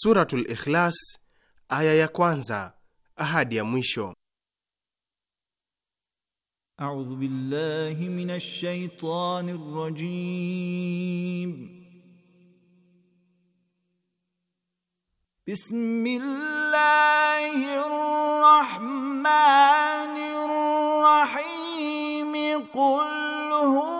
Suratul Ikhlas aya ya kwanza ahadi ya mwisho. A'udhu billahi minash shaitani rrajim. Bismillahir rahmanir rahim. Qul huwa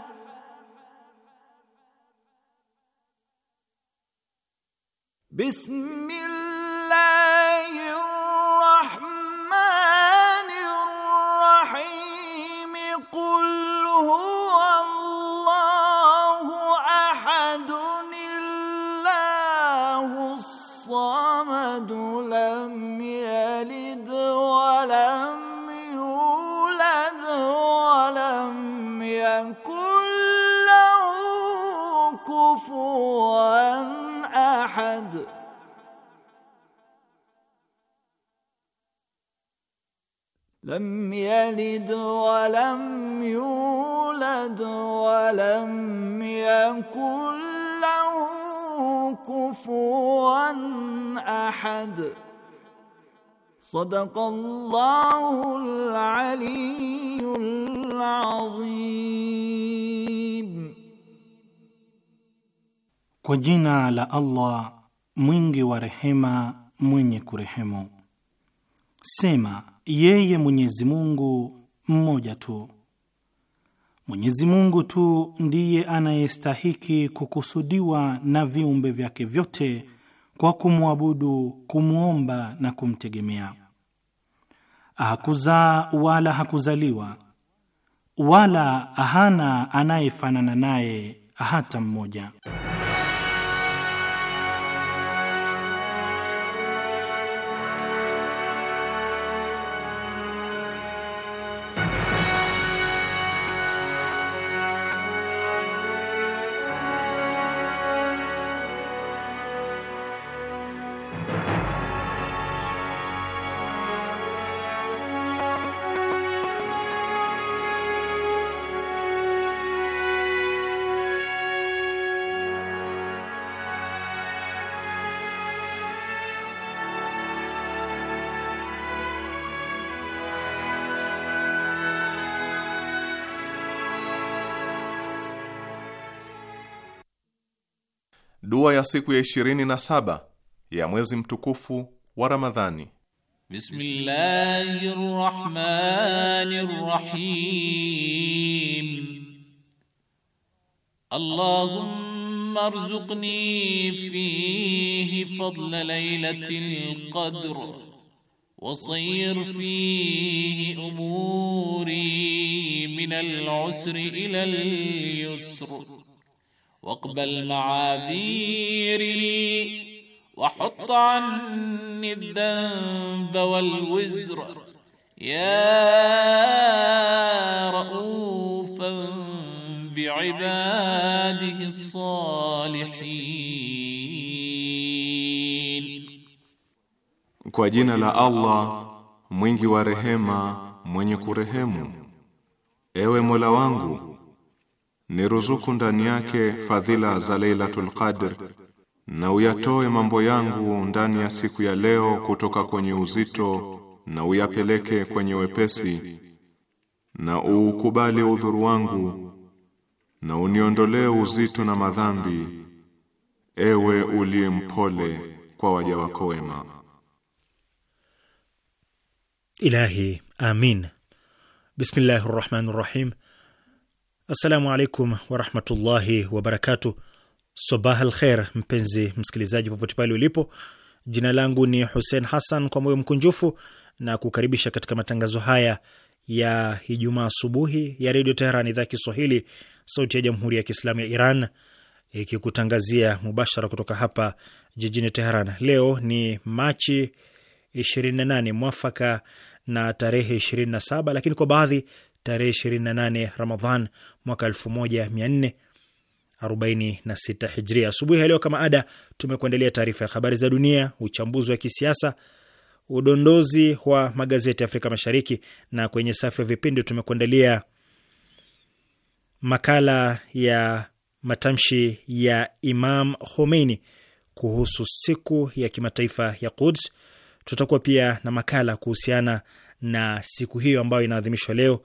بسم الله الرحمن لم يلد ولم يولد ولم يكن له كفوا احد صدق الله العلي العظيم كجنا على الله مينغي ورحمه مينغي كرهمه سيما yeye Mwenyezi Mungu mmoja tu. Mwenyezi Mungu tu ndiye anayestahiki kukusudiwa na viumbe vyake vyote kwa kumwabudu, kumwomba na kumtegemea. Hakuzaa wala hakuzaliwa wala hana anayefanana naye hata mmoja. ya siku ya ishirini na saba ya mwezi mtukufu wa Ramadhani. Bismillahir Rahmanir Rahim. Allahumma rzuqni fihi fadla laylatil qadr wa sayr fihi umuri min al-usri ila al-yusr واقبل معاذيري وحط عني الذنب والوزر يا رؤوفا بعباده الصالحين Kwa jina la Allah mwingi wa rehema mwenye kurehemu, ewe Mola wangu ni ruzuku ndani yake fadhila za Lailatul Qadr na uyatoe mambo yangu ndani ya siku ya leo kutoka kwenye uzito na uyapeleke kwenye wepesi na uukubali udhuru wangu na uniondolee uzito na madhambi ewe uliye mpole kwa waja wako wema Ilahi amin Bismillahir Rahmanir Rahim Assalamu alaikum warahmatullahi wabarakatu. Sabah al kher, mpenzi msikilizaji, popote pale ulipo. Jina langu ni Hussein Hassan, kwa moyo mkunjufu na kukaribisha katika matangazo haya ya Ijumaa asubuhi ya Redio Teheran, idhaa Kiswahili, sauti ya Jamhuri ya Kiislamu ya Iran, ikikutangazia mubashara kutoka hapa jijini Teheran. Leo ni Machi 28 mwafaka na tarehe 27, lakini kwa baadhi tarehe 28 Ramadhan mwaka 1446 Hijria. Asubuhi ya leo kama ada, tumekuandalia taarifa ya habari za dunia, uchambuzi wa kisiasa, udondozi wa magazeti ya Afrika Mashariki, na kwenye safu ya vipindi tumekuandalia makala ya matamshi ya Imam Khomeini kuhusu siku ya kimataifa ya Quds. Tutakuwa pia na makala kuhusiana na siku hiyo ambayo inaadhimishwa leo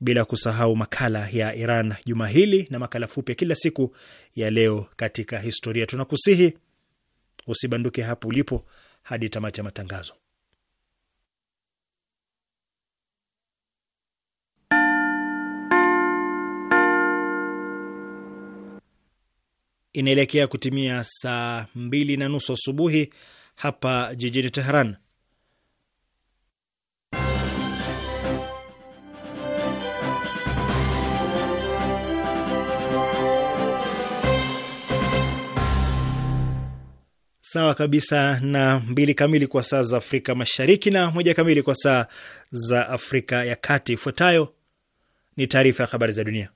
bila kusahau makala ya Iran juma hili na makala fupi ya kila siku ya leo katika historia. Tunakusihi usibanduke hapo ulipo hadi tamati ya matangazo. Inaelekea kutimia saa mbili na nusu asubuhi hapa jijini teheran sawa kabisa na mbili kamili kwa saa za Afrika Mashariki na moja kamili kwa saa za Afrika ya Kati. Ifuatayo ni taarifa ya habari za dunia,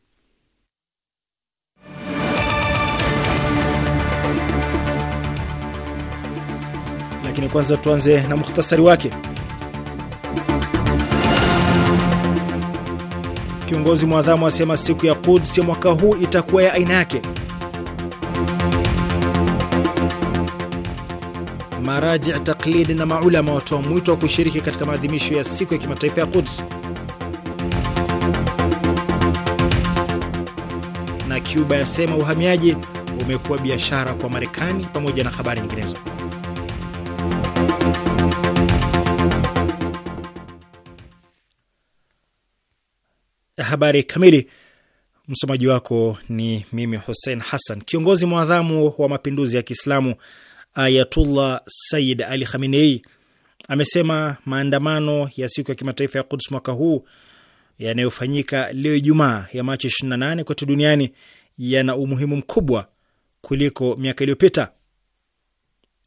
lakini kwanza tuanze na mukhtasari wake. Kiongozi mwadhamu asema siku ya Quds ya mwaka huu itakuwa ya aina yake. maraji taklidi na maulama watoa mwito wa kushiriki katika maadhimisho ya siku ya kimataifa ya Quds. Na Cuba yasema uhamiaji umekuwa biashara kwa Marekani, pamoja na habari nyinginezo. Habari kamili. Msomaji wako ni mimi Hussein Hassan. Kiongozi mwadhamu wa mapinduzi ya Kiislamu Ayatullah Sayyid Ali Khamenei amesema maandamano ya siku ya kimataifa ya Quds mwaka huu yanayofanyika leo Ijumaa ya Machi 28 kote duniani yana umuhimu mkubwa kuliko miaka iliyopita.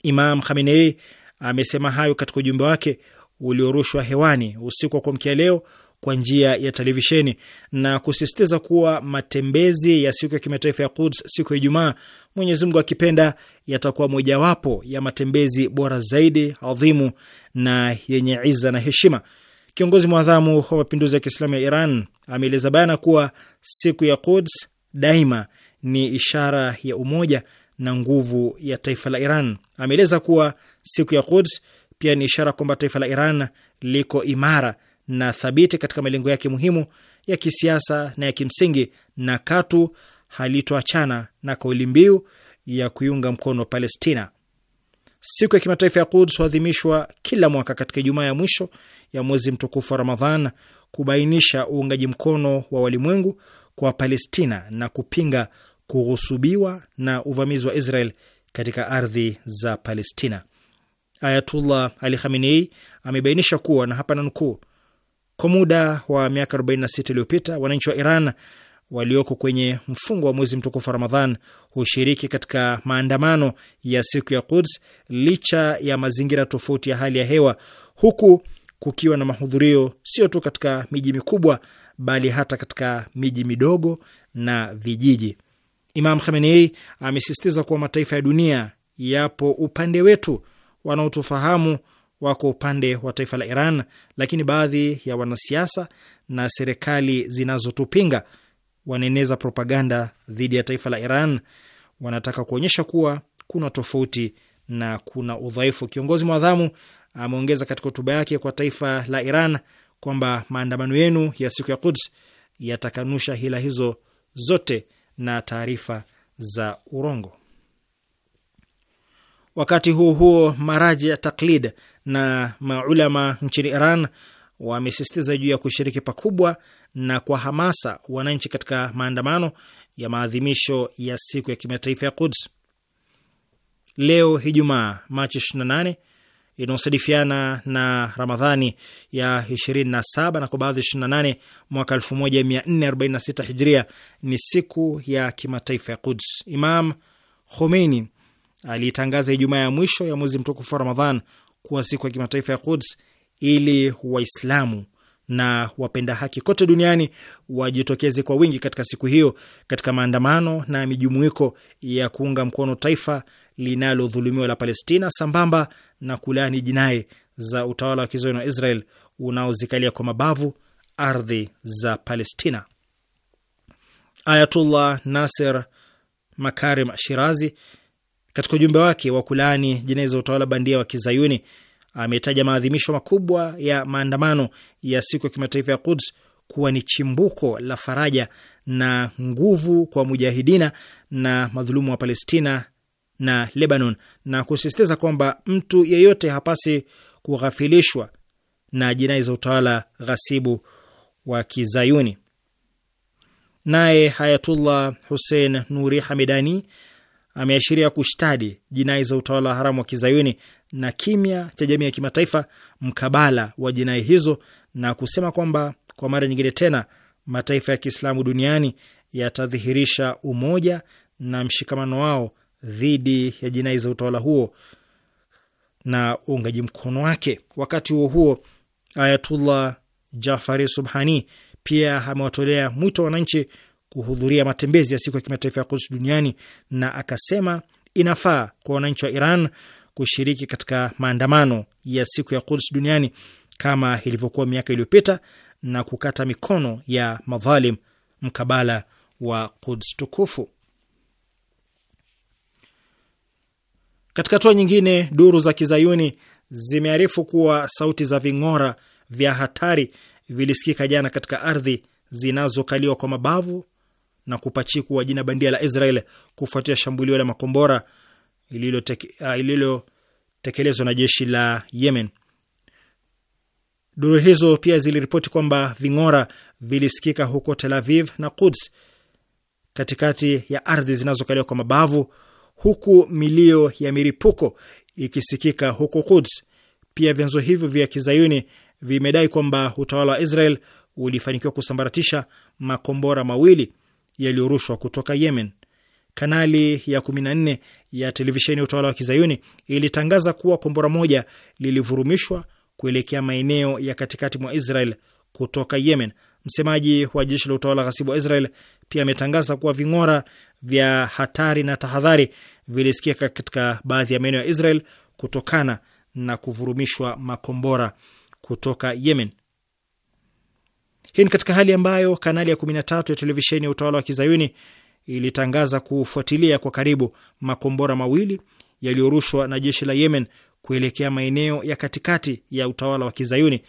Imam Khamenei amesema hayo katika ujumbe wake uliorushwa hewani usiku wa kuamkia leo kwa njia ya televisheni na kusisitiza kuwa matembezi ya siku ya kimataifa ya Quds siku ya Ijumaa, Mwenyezi Mungu akipenda, yatakuwa mojawapo ya matembezi bora zaidi, adhimu na yenye iza na heshima. Kiongozi mwadhamu wa mapinduzi ya Kiislamu ya Iran ameeleza bayana kuwa siku ya Quds daima ni ishara ya umoja na nguvu ya taifa la Iran. Ameeleza kuwa siku ya Quds pia ni ishara kwamba taifa la Iran liko imara na thabiti katika malengo yake muhimu ya kisiasa na ya kimsingi, na katu halitoachana na kauli mbiu ya kuiunga mkono Palestina. Siku ya kimataifa ya Quds huadhimishwa kila mwaka katika Ijumaa ya mwisho ya mwezi mtukufu wa Ramadhan kubainisha uungaji mkono wa walimwengu kwa Palestina na kupinga kughusubiwa na uvamizi wa Israel katika ardhi za Palestina. Ayatullah Ali Khamenei amebainisha kuwa na hapa nanukuu kwa muda wa miaka 46 iliyopita, wananchi wa Iran walioko kwenye mfungo wa mwezi mtukufu wa Ramadhan hushiriki katika maandamano ya siku ya Quds licha ya mazingira tofauti ya hali ya hewa, huku kukiwa na mahudhurio sio tu katika miji mikubwa bali hata katika miji midogo na vijiji. Imam Khamenei amesisitiza kuwa mataifa ya dunia yapo upande wetu, wanaotufahamu wako upande wa taifa la Iran, lakini baadhi ya wanasiasa na serikali zinazotupinga wanaeneza propaganda dhidi ya taifa la Iran. Wanataka kuonyesha kuwa kuna tofauti na kuna udhaifu. Kiongozi mwadhamu ameongeza katika hotuba yake kwa taifa la Iran kwamba maandamano yenu ya siku ya Quds yatakanusha hila hizo zote na taarifa za urongo. Wakati huo huo, maraji ya taklid na maulama nchini Iran wamesisitiza juu ya kushiriki pakubwa na kwa hamasa wananchi katika maandamano ya maadhimisho ya siku ya kimataifa ya Quds. Leo Ijumaa Machi 28 inaosadifiana na Ramadhani ya 27 na kwa baadhi 28 mwaka 1446 Hijria ni siku ya kimataifa ya Quds. Imam Khomeini aliitangaza Ijumaa ya mwisho ya mwezi mtukufu wa Ramadhan kuwa siku ya kimataifa ya Quds ili Waislamu na wapenda haki kote duniani wajitokeze kwa wingi katika siku hiyo katika maandamano na mijumuiko ya kuunga mkono taifa linalodhulumiwa la Palestina sambamba na kulaani jinai za utawala wa kizayuni wa Israel unaozikalia kwa mabavu ardhi za Palestina. Ayatullah Nasser Makarim Shirazi katika ujumbe wake wa kulaani jinai za utawala bandia wa kizayuni ametaja maadhimisho makubwa ya maandamano ya siku ya kimataifa ya Quds kuwa ni chimbuko la faraja na nguvu kwa mujahidina na madhulumu wa Palestina na Lebanon, na kusisitiza kwamba mtu yeyote hapasi kughafilishwa na jinai za utawala ghasibu wa kizayuni. Naye Hayatullah Hussein Nuri Hamidani ameashiria kushtadi jinai za utawala wa haramu wa kizayuni na kimya cha jamii ya kimataifa mkabala wa jinai hizo na kusema kwamba kwa mara nyingine tena mataifa ya Kiislamu duniani yatadhihirisha umoja na mshikamano wao dhidi ya jinai za utawala huo na uungaji mkono wake. Wakati huo huo, Ayatullah Jafari Subhani pia amewatolea mwito wananchi kuhudhuria matembezi ya siku ya kimataifa ya Quds duniani na akasema inafaa kwa wananchi wa Iran kushiriki katika maandamano ya siku ya Quds duniani kama ilivyokuwa miaka iliyopita na kukata mikono ya madhalim mkabala wa Quds tukufu. Katika hatua nyingine, duru za kizayuni zimearifu kuwa sauti za ving'ora vya hatari vilisikika jana katika ardhi zinazokaliwa kwa mabavu na kupachikwa jina bandia la Israel kufuatia shambulio la makombora lililotekelezwa ah, na jeshi la Yemen. Duru hizo pia ziliripoti kwamba ving'ora vilisikika huko Tel Aviv na Quds, katikati ya ardhi zinazokaliwa kwa mabavu, huku milio ya miripuko ikisikika huko Quds. Pia vyanzo hivyo vya kizayuni vimedai kwamba utawala wa Israel ulifanikiwa kusambaratisha makombora mawili yaliyorushwa kutoka Yemen. Kanali ya 14 ya televisheni ya utawala wa kizayuni ilitangaza kuwa kombora moja lilivurumishwa kuelekea maeneo ya katikati mwa Israel kutoka Yemen. Msemaji wa jeshi la utawala ghasibu wa Israel pia ametangaza kuwa ving'ora vya hatari na tahadhari vilisikika katika baadhi ya maeneo ya Israel kutokana na kuvurumishwa makombora kutoka Yemen. Hii ni katika hali ambayo kanali ya 13 ya televisheni ya utawala wa kizayuni ilitangaza kufuatilia kwa karibu makombora mawili yaliyorushwa na jeshi la Yemen kuelekea maeneo ya katikati ya utawala wa kizayuni.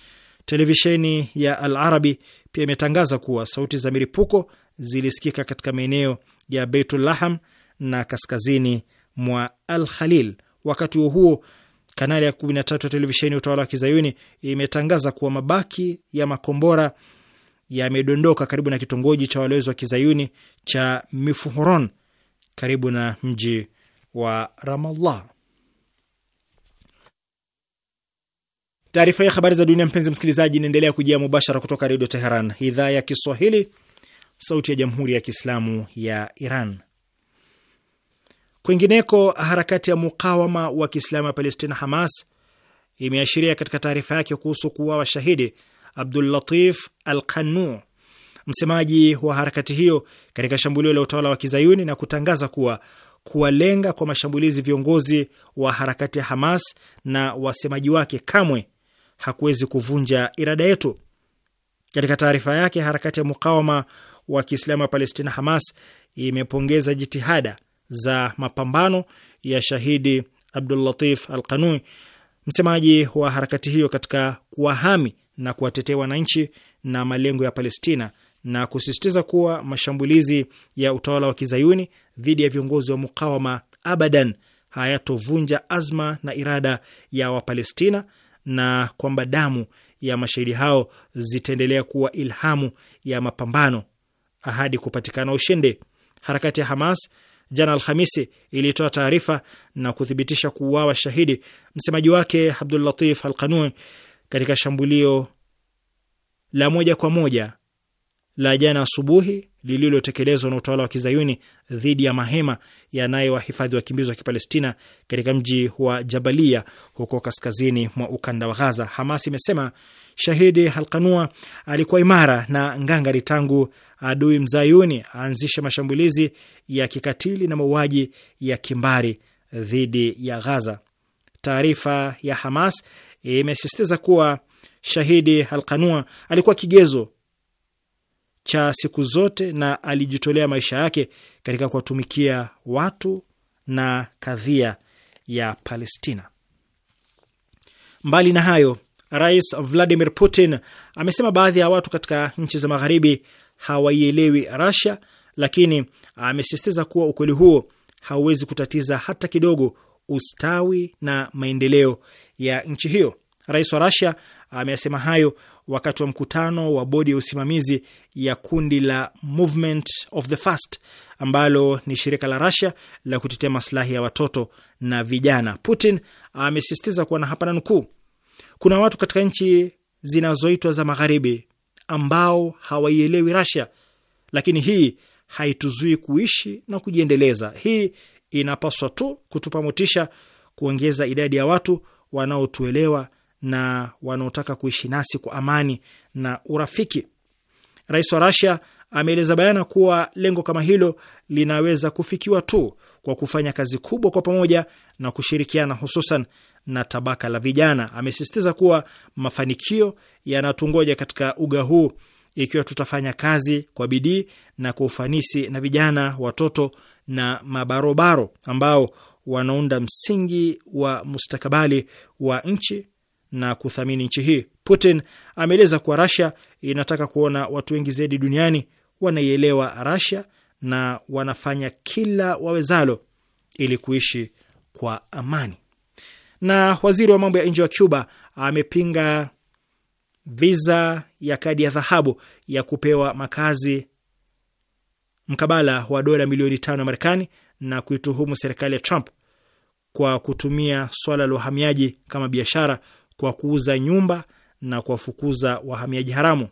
Televisheni ya Al Arabi pia imetangaza kuwa sauti za milipuko zilisikika katika maeneo ya Beitul Laham na kaskazini mwa Al Khalil. Wakati huo huo, kanali ya 13 ya televisheni ya utawala wa kizayuni imetangaza kuwa mabaki ya makombora yamedondoka karibu na kitongoji cha walowezi wa kizayuni cha Mifuhuron karibu na mji wa Ramallah. Taarifa ya habari za dunia, mpenzi msikilizaji, inaendelea kujia mubashara kutoka Redio Teheran, idhaa ya Kiswahili, sauti ya jamhuri ya kiislamu ya Iran. Kwingineko, harakati ya mukawama wa kiislamu ya Palestina, Hamas, imeashiria katika taarifa yake kuhusu kuwa washahidi Abdul Latif Al Qanu, msemaji wa harakati hiyo, katika shambulio la utawala wa kizayuni na kutangaza kuwa kuwalenga kwa mashambulizi viongozi wa harakati ya Hamas na wasemaji wake kamwe hakuwezi kuvunja irada yetu. Katika taarifa yake, harakati ya mukawama wa Kiislamu ya Palestina, Hamas, imepongeza jitihada za mapambano ya shahidi Abdul Latif Al Qanui, msemaji wa harakati hiyo, katika kuwahami na kuwatetea wananchi na malengo ya Palestina na kusisitiza kuwa mashambulizi ya utawala wa kizayuni dhidi ya viongozi wa mukawama abadan hayatovunja azma na irada ya Wapalestina na kwamba damu ya mashahidi hao zitaendelea kuwa ilhamu ya mapambano ahadi kupatikana ushindi. Harakati ya Hamas jana Alhamisi ilitoa taarifa na kuthibitisha kuuawa shahidi msemaji wake Abdul Latif katika shambulio la moja kwa moja la jana asubuhi lililotekelezwa na utawala wa kizayuni dhidi ya mahema yanayowahifadhi wakimbizi wa kipalestina katika mji wa Jabalia huko kaskazini mwa ukanda wa Ghaza. Hamas imesema shahidi Halkanua alikuwa imara na ngangari tangu adui mzayuni aanzishe mashambulizi ya kikatili na mauaji ya kimbari dhidi ya Ghaza. Taarifa ya Hamas imesisitiza kuwa shahidi Alqanua alikuwa kigezo cha siku zote na alijitolea maisha yake katika kuwatumikia watu na kadhia ya Palestina. Mbali na hayo, Rais Vladimir Putin amesema baadhi ya watu katika nchi za magharibi hawaielewi Russia, lakini amesisitiza kuwa ukweli huo hauwezi kutatiza hata kidogo ustawi na maendeleo ya nchi hiyo. Rais wa Rasia ameyasema hayo wakati wa mkutano wa bodi ya usimamizi ya kundi la Movement of the Fast ambalo ni shirika la Rasia la kutetea maslahi ya watoto na vijana. Putin amesisitiza kuwa na hapana nukuu, kuna watu katika nchi zinazoitwa za magharibi ambao hawaielewi Rasia, lakini hii haituzui kuishi na kujiendeleza. Hii inapaswa tu kutupa motisha kuongeza idadi ya watu wanaotuelewa na wanaotaka kuishi nasi kwa amani na urafiki. Rais wa Rasia ameeleza bayana kuwa lengo kama hilo linaweza kufikiwa tu kwa kufanya kazi kubwa kwa pamoja na kushirikiana, hususan na tabaka la vijana. Amesisitiza kuwa mafanikio yanatungoja katika uga huu ikiwa tutafanya kazi kwa bidii na kwa ufanisi na vijana, watoto na mabarobaro ambao wanaunda msingi wa mustakabali wa nchi na kuthamini nchi hii. Putin ameeleza kuwa Rasia inataka kuona watu wengi zaidi duniani wanaielewa Rasia na wanafanya kila wawezalo ili kuishi kwa amani. Na waziri wa mambo ya nje wa Cuba amepinga viza ya kadi ya dhahabu ya kupewa makazi mkabala wa dola milioni tano ya Marekani na kuituhumu serikali ya Trump kwa kutumia swala la uhamiaji kama biashara kwa kuuza nyumba na kuwafukuza wahamiaji haramu.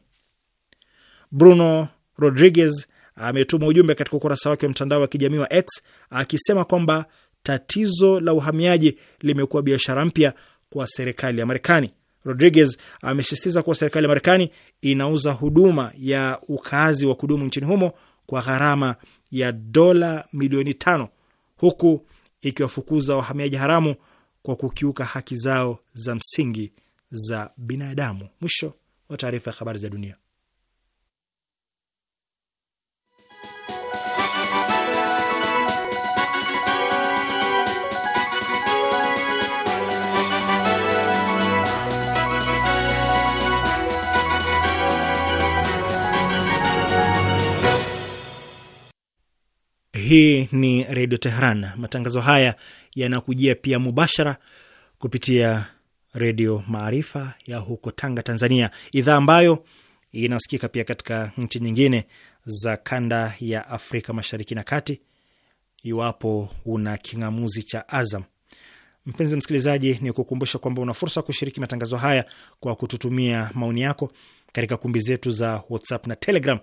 Bruno Rodriguez ametuma ujumbe katika ukurasa wake wa mtandao wa kijamii wa X akisema kwamba tatizo la uhamiaji limekuwa biashara mpya kwa serikali ya Marekani. Rodriguez amesisitiza kuwa serikali ya Marekani inauza huduma ya ukaazi wa kudumu nchini humo kwa gharama ya dola milioni tano huku ikiwafukuza wahamiaji haramu kwa kukiuka haki zao za msingi za binadamu. Mwisho wa taarifa ya habari za dunia. Hii ni Redio Tehran. Matangazo haya yanakujia pia mubashara kupitia Redio Maarifa ya huko Tanga, Tanzania, idhaa ambayo inasikika pia katika nchi nyingine za kanda ya Afrika Mashariki na Kati, iwapo una king'amuzi cha Azam. Mpenzi msikilizaji, ni kukumbusha kwamba una fursa ya kushiriki matangazo haya kwa kututumia maoni yako katika kumbi zetu za WhatsApp na Telegram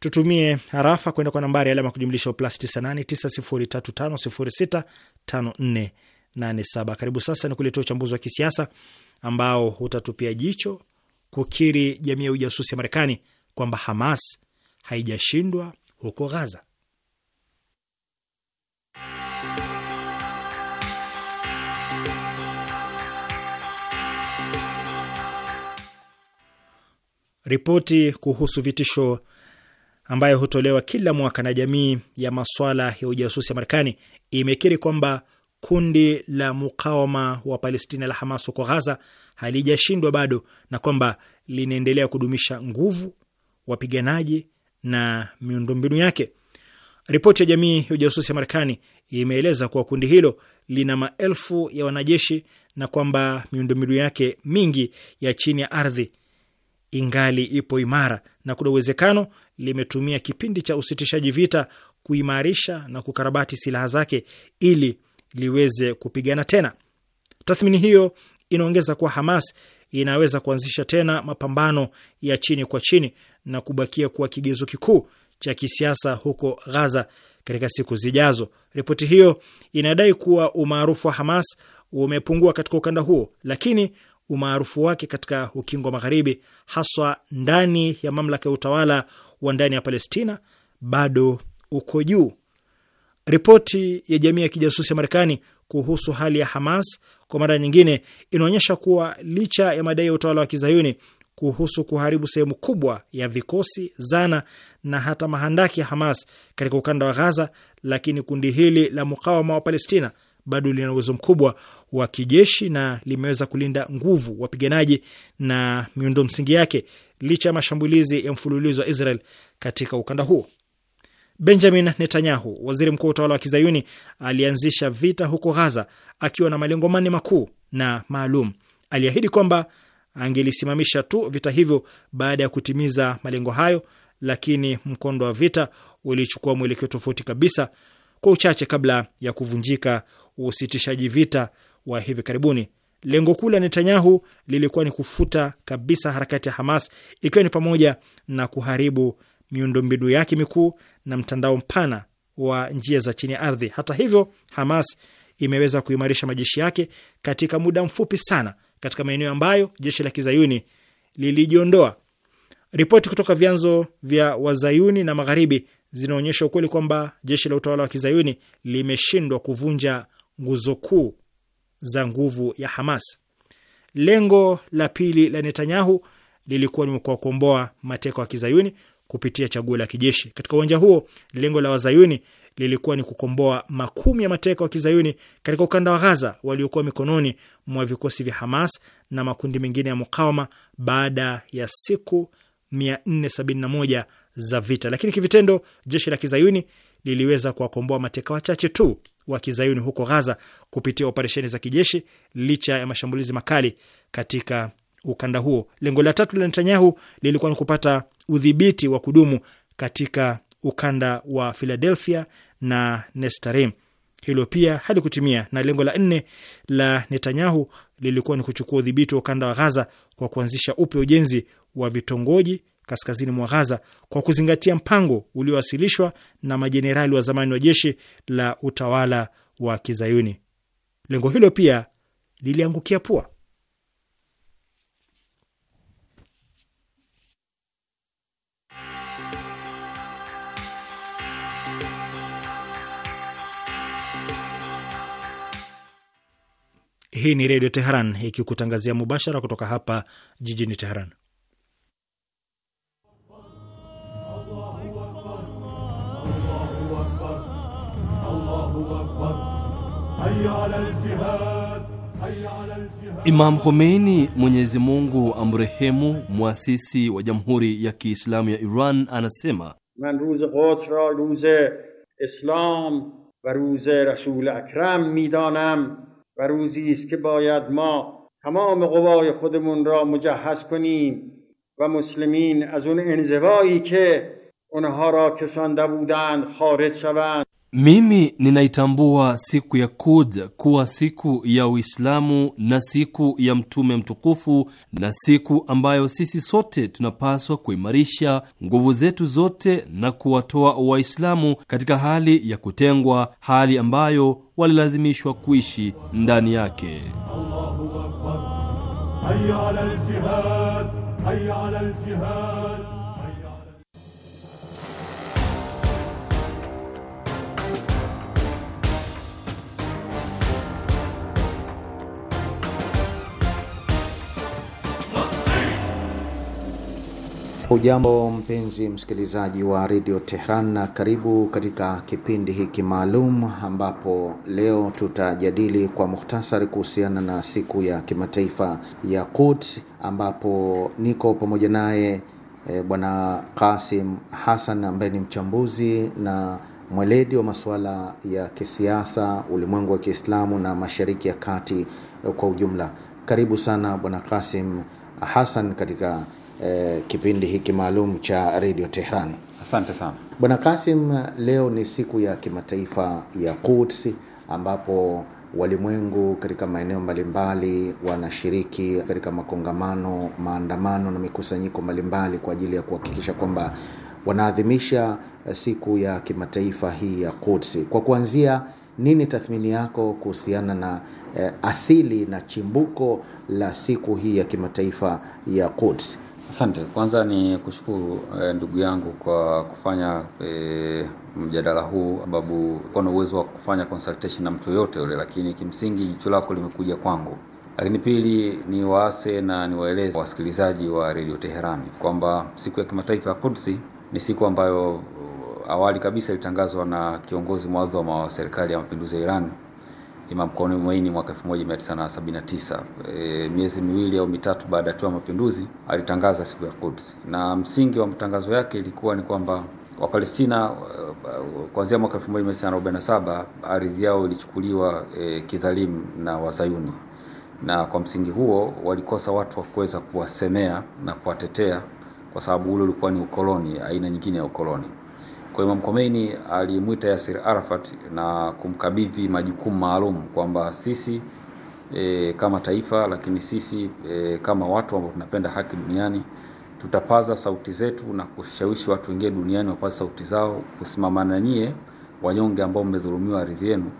tutumie harafa kwenda kwa nambari alama kujumlisha plus 989035065487. Karibu sasa ni kuletea uchambuzi wa kisiasa ambao utatupia jicho kukiri jamii ya ujasusi ya Marekani kwamba Hamas haijashindwa huko Gaza. Ripoti kuhusu vitisho ambayo hutolewa kila mwaka na jamii ya maswala ya ujasusi ya Marekani imekiri kwamba kundi la mukawama wa Palestina la Hamas huko Ghaza halijashindwa bado na kwamba linaendelea kudumisha nguvu, wapiganaji na miundombinu yake. Ripoti ya jamii ya ujasusi ya Marekani imeeleza kuwa kundi hilo lina maelfu ya wanajeshi na kwamba miundombinu yake mingi ya chini ya ardhi ingali ipo imara na kuna uwezekano limetumia kipindi cha usitishaji vita kuimarisha na kukarabati silaha zake ili liweze kupigana tena. Tathmini hiyo inaongeza kuwa Hamas inaweza kuanzisha tena mapambano ya chini kwa chini na kubakia kuwa kigezo kikuu cha kisiasa huko Gaza katika siku zijazo. Ripoti hiyo inadai kuwa umaarufu wa Hamas umepungua katika ukanda huo, lakini umaarufu wake katika ukingo wa Magharibi, haswa ndani ya mamlaka ya utawala wa ndani ya Palestina bado uko juu. Ripoti ya jamii ya kijasusi ya Marekani kuhusu hali ya Hamas kwa mara nyingine inaonyesha kuwa licha ya madai ya utawala wa kizayuni kuhusu kuharibu sehemu kubwa ya vikosi, zana na hata mahandaki ya Hamas katika ukanda wa Ghaza, lakini kundi hili la mukawama wa Palestina bado lina uwezo mkubwa wa kijeshi na limeweza kulinda nguvu wapiganaji na miundo msingi yake licha ya mashambulizi ya mfululizo wa Israel katika ukanda huo. Benjamin Netanyahu, waziri mkuu wa utawala wa Kizayuni, alianzisha vita huko Ghaza akiwa na malengo manne makuu na maalum. Aliahidi kwamba angelisimamisha tu vita hivyo baada ya kutimiza malengo hayo, lakini mkondo wa vita ulichukua mwelekeo tofauti kabisa, kwa uchache kabla ya kuvunjika usitishaji vita wa hivi karibuni. Lengo kuu la Netanyahu lilikuwa ni kufuta kabisa harakati ya Hamas, ikiwa ni pamoja na kuharibu miundombinu yake mikuu na mtandao mpana wa njia za chini ya ardhi. Hata hivyo, Hamas imeweza kuimarisha majeshi yake katika muda mfupi sana katika maeneo ambayo jeshi la kizayuni lilijiondoa. Ripoti kutoka vyanzo vya wazayuni na magharibi zinaonyesha ukweli kwamba jeshi la utawala wa kizayuni limeshindwa kuvunja nguzo kuu za nguvu ya Hamas. Lengo la pili la Netanyahu lilikuwa ni kuwakomboa mateka wa kizayuni kupitia chaguo la kijeshi. Katika uwanja huo, lengo la wazayuni lilikuwa ni kukomboa makumi ya mateka wa kizayuni katika ukanda wa Ghaza waliokuwa mikononi mwa vikosi vya Hamas na makundi mengine ya mukawama baada ya siku 471 za vita, lakini kivitendo jeshi la kizayuni liliweza kuwakomboa mateka wachache tu wa kizayuni huko Ghaza kupitia operesheni za kijeshi, licha ya mashambulizi makali katika ukanda huo. Lengo la tatu la Netanyahu lilikuwa ni kupata udhibiti wa kudumu katika ukanda wa Philadelphia na Nestarim. Hilo pia halikutimia, na lengo la nne la Netanyahu lilikuwa ni kuchukua udhibiti wa ukanda wa Ghaza kwa kuanzisha upya ujenzi wa vitongoji kaskazini mwa Ghaza kwa kuzingatia mpango uliowasilishwa na majenerali wa zamani wa jeshi la utawala wa Kizayuni. Lengo hilo pia liliangukia pua. Hii ni Redio Teheran ikikutangazia mubashara kutoka hapa jijini Teheran. امام خمینی Mwenyezi Mungu موسیسی و جمهوری یکی ya ایران ایران Iran anasema, من روز روز را روز اسلام و روز رسول اکرم میدانم و روزی است که باید ما تمام قوای خودمون را مجهز کنیم و مسلمین از اون انزوایی که اونها را کشانده بودند خارج شوند Mimi ninaitambua siku ya Kud kuwa siku ya Uislamu na siku ya mtume mtukufu na siku ambayo sisi sote tunapaswa kuimarisha nguvu zetu zote na kuwatoa Waislamu katika hali ya kutengwa, hali ambayo walilazimishwa kuishi ndani yake. Allahu Akbar. Hayya ala al-jihad. Hayya ala al-jihad. Hujambo mpenzi msikilizaji wa redio Tehran, na karibu katika kipindi hiki maalum ambapo leo tutajadili kwa muhtasari kuhusiana na siku ya kimataifa ya Quds, ambapo niko pamoja naye e, bwana Kasim Hassan ambaye ni mchambuzi na mweledi wa masuala ya kisiasa, ulimwengu wa Kiislamu na Mashariki ya Kati eh, kwa ujumla. Karibu sana bwana Kasim Hassan katika Eh, kipindi hiki maalum cha redio Tehran. Asante sana bwana Kasim. Leo ni siku ya kimataifa ya Quds ambapo walimwengu katika maeneo mbalimbali wanashiriki katika makongamano, maandamano na mikusanyiko mbalimbali kwa ajili ya kuhakikisha kwamba wanaadhimisha eh, siku ya kimataifa hii ya Quds. Kwa kuanzia, nini tathmini yako kuhusiana na eh, asili na chimbuko la siku hii ya kimataifa ya Quds? Asante, kwanza ni kushukuru eh, ndugu yangu kwa kufanya eh, mjadala huu, sababu na uwezo wa kufanya consultation na mtu yoyote yule, lakini kimsingi jicho lako limekuja kwangu. Lakini pili ni waase na niwaeleze wasikilizaji wa redio Teherani kwamba siku ya kimataifa ya Kudsi ni siku ambayo eh, awali kabisa ilitangazwa na kiongozi mwadhama wa serikali ya mapinduzi ya Iran Imam Kauni Mwinyi mwaka 1979 e, miezi miwili au mitatu baada ya ya mapinduzi alitangaza siku ya Quds, na msingi wa matangazo yake ilikuwa ni kwamba Wapalestina e, kuanzia mwaka 1947 ardhi yao ilichukuliwa e, kidhalimu na Wazayuni, na kwa msingi huo walikosa watu wa kuweza kuwasemea na kuwatetea, kwa sababu ule ulikuwa ni ukoloni, aina nyingine ya ukoloni. Kwa Imam Khomeini alimwita Yasir Arafat na kumkabidhi majukumu maalum kwamba sisi e, kama taifa lakini sisi e, kama watu ambao tunapenda haki duniani tutapaza sauti zetu na kushawishi watu wengine duniani wapaze sauti zao kusimama na nyie wanyonge ambao mmedhulumiwa ardhi yenu,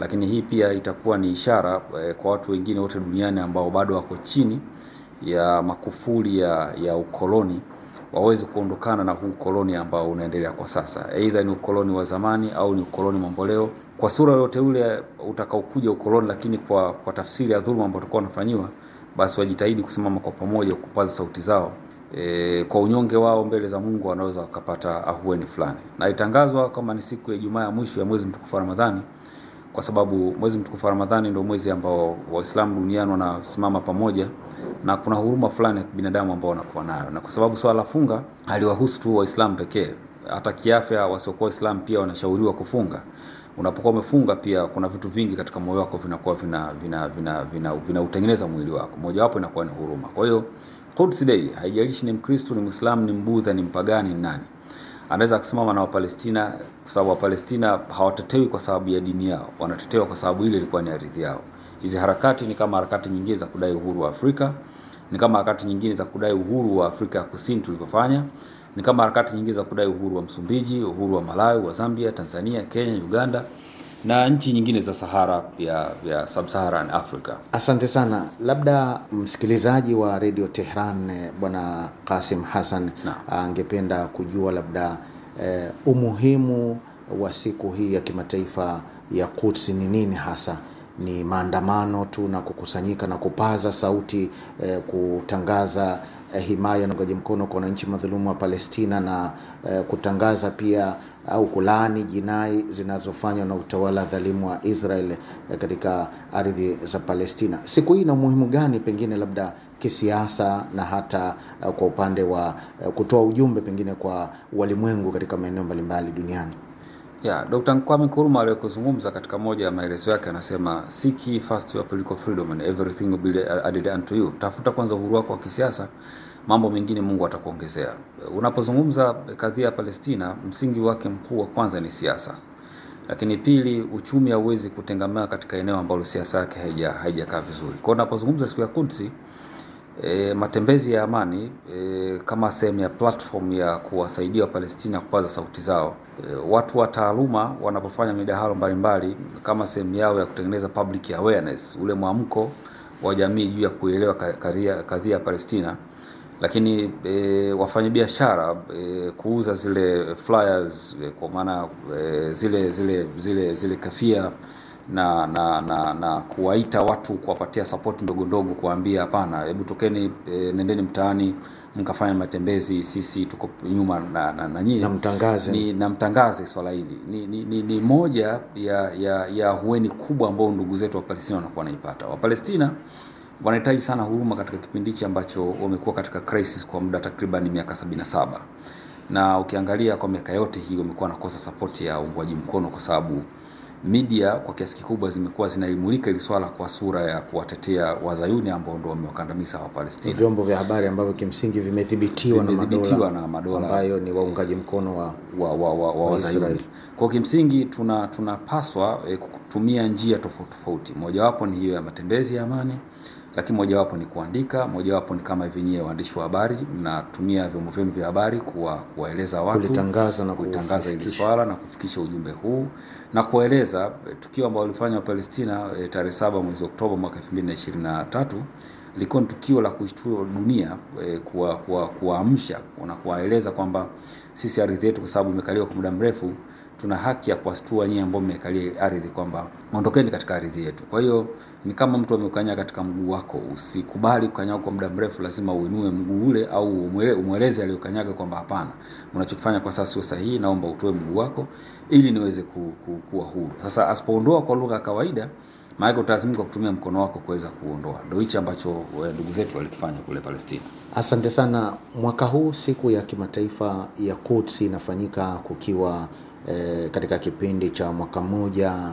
lakini hii pia itakuwa ni ishara e, kwa watu wengine wote duniani ambao bado wako chini ya makufuri ya, ya ukoloni waweze kuondokana na huu ukoloni ambao unaendelea kwa sasa, aidha ni ukoloni wa zamani au ni ukoloni mamboleo, kwa sura yoyote ule utakaokuja ukoloni, lakini kwa, kwa tafsiri ya dhuluma ambayo tulikuwa wanafanyiwa, basi wajitahidi kusimama kwa pamoja kupaza sauti zao. E, kwa unyonge wao mbele za Mungu wanaweza wakapata ahueni fulani. Na itangazwa kama ni siku ya Ijumaa ya mwisho ya mwezi mtukufu wa Ramadhani kwa sababu mwezi mtukufu wa Ramadhani ndio mwezi ambao Waislamu duniani wanasimama pamoja na kuna huruma fulani ya kibinadamu ambao wanakuwa nayo, na kwa sababu swala la funga haliwahusu tu Waislamu pekee, hata kiafya wasiokuwa Waislamu pia wanashauriwa kufunga. Unapokuwa umefunga pia kuna vitu vingi katika moyo wako vinakuwa vinautengeneza vina, vina, vina, vina mwili wako, wapo inakuwa ni huruma. Kwa hiyo Quds Day haijalishi ni Mkristo, ni Muislamu, ni Mbudha, ni mpagani, ni nani anaweza kusimama na Wapalestina kwa sababu Wapalestina hawatetewi kwa sababu ya dini yao, wanatetewa kwa sababu ile ilikuwa ni ardhi yao. Hizi harakati ni kama harakati nyingine za kudai uhuru wa Afrika, ni kama harakati nyingine za kudai uhuru wa Afrika ya Kusini tulivyofanya, ni kama harakati nyingine za kudai uhuru wa Msumbiji, uhuru wa Malawi, wa Zambia, Tanzania, Kenya, Uganda na nchi nyingine za Sahara ya, ya subsaharan Africa. Asante sana. Labda msikilizaji wa redio Tehran eh, Bwana Kasim Hassan angependa kujua labda eh, umuhimu wa siku hii ya kimataifa ya kutsi ni nini hasa? Ni maandamano tu na kukusanyika na kupaza sauti eh, kutangaza eh, himaya na ugaji mkono kwa wananchi madhulumu wa Palestina na eh, kutangaza pia au kulaani jinai zinazofanywa na utawala dhalimu wa Israel eh, katika ardhi za Palestina. Siku hii ina umuhimu gani, pengine labda kisiasa na hata eh, kwa upande wa eh, kutoa ujumbe pengine kwa walimwengu katika maeneo mbalimbali duniani? Ya, Dr. Kwame Nkrumah aliyokuzungumza katika moja ya maelezo yake anasema seek first your political freedom and everything will be added unto you. Tafuta kwanza uhuru wako wa kisiasa mambo mengine Mungu atakuongezea. Unapozungumza kadhia ya Palestina, msingi wake mkuu wa kwanza ni siasa, lakini pili, uchumi hauwezi kutengamaa katika eneo ambalo siasa yake haijakaa vizuri. Kwa unapozungumza siku ya Kudsi E, matembezi ya amani e, kama sehemu ya platform ya kuwasaidia Wapalestina kupaza sauti zao e, watu wa taaluma wanapofanya midahalo mbalimbali kama sehemu yao ya kutengeneza public awareness, ule mwamko wa jamii juu ya kuelewa kadhia ya Palestina lakini e, wafanyabiashara e, kuuza zile flyers e, kwa maana e, zile zile zile zile kafia na na na, na kuwaita watu kuwapatia sapoti ndogo ndogo, kuwaambia hapana, hebu tokeni e, nendeni mtaani mkafanya matembezi, sisi tuko nyuma na, na, na na mtangaze ni, mtangaze swala hili ni, ni, ni, ni moja ya ya, ya hueni kubwa ambao ndugu zetu Wapalestina wanakuwa wanaipata Wapalestina wanahitaji sana huruma katika kipindi hichi ambacho wamekuwa katika crisis kwa muda takriban miaka 77 na ukiangalia kwa miaka yote hii wamekuwa wanakosa sapoti ya uungwaji mkono kwa sababu media kwa kiasi kikubwa zimekuwa zinalimulika ili swala kwa sura ya kuwatetea wazayuni ambao ndo wamewakandamiza wa Palestina. Vyombo vya habari ambavyo kimsingi vimethibitiwa na madola, na madola ambayo ni waungaji mkono wa wa, wa, wa, wa wa Kwa kimsingi tuna tunapaswa e, kutumia njia tofauti tofauti, mojawapo ni hiyo ya matembezi ya amani lakini mojawapo ni kuandika, mojawapo ni kama hivi nyie waandishi wa habari mnatumia vyombo vyenu vya habari kuwa, kuwaeleza watu, kulitangaza na kulitangaza hili swala na kufikisha ujumbe huu na kuwaeleza eh, tukio ambalo lilifanywa Palestina e, eh, tarehe saba mwezi Oktoba mwaka 2023 likuwa ni tukio la kuishtua dunia e, eh, kuwaamsha kuwa, kuwa na kuwaeleza kwamba sisi ardhi yetu kwa sababu imekaliwa kwa muda mrefu tuna haki ya kuwastua nyie ambao mmekalia ardhi kwamba ondokeni katika ardhi yetu. Kwa hiyo ni kama mtu amekanya katika mguu wako, usikubali kukanyaga kwa muda mrefu, lazima uinue mguu ule au umweleze aliyokanyaga kwamba hapana, unachokifanya kwa sasa sio sahihi, naomba utoe mguu wako ili niweze ku, ku, kuwa huru. Sasa asipoondoa kwa lugha ya kawaida maana utalazimika kutumia mkono wako kuweza kuondoa. Ndio hichi ambacho eh, ndugu zetu walikifanya kule Palestina. Asante sana. Mwaka huu siku ya kimataifa ya Quds inafanyika kukiwa e, katika kipindi cha mwaka mmoja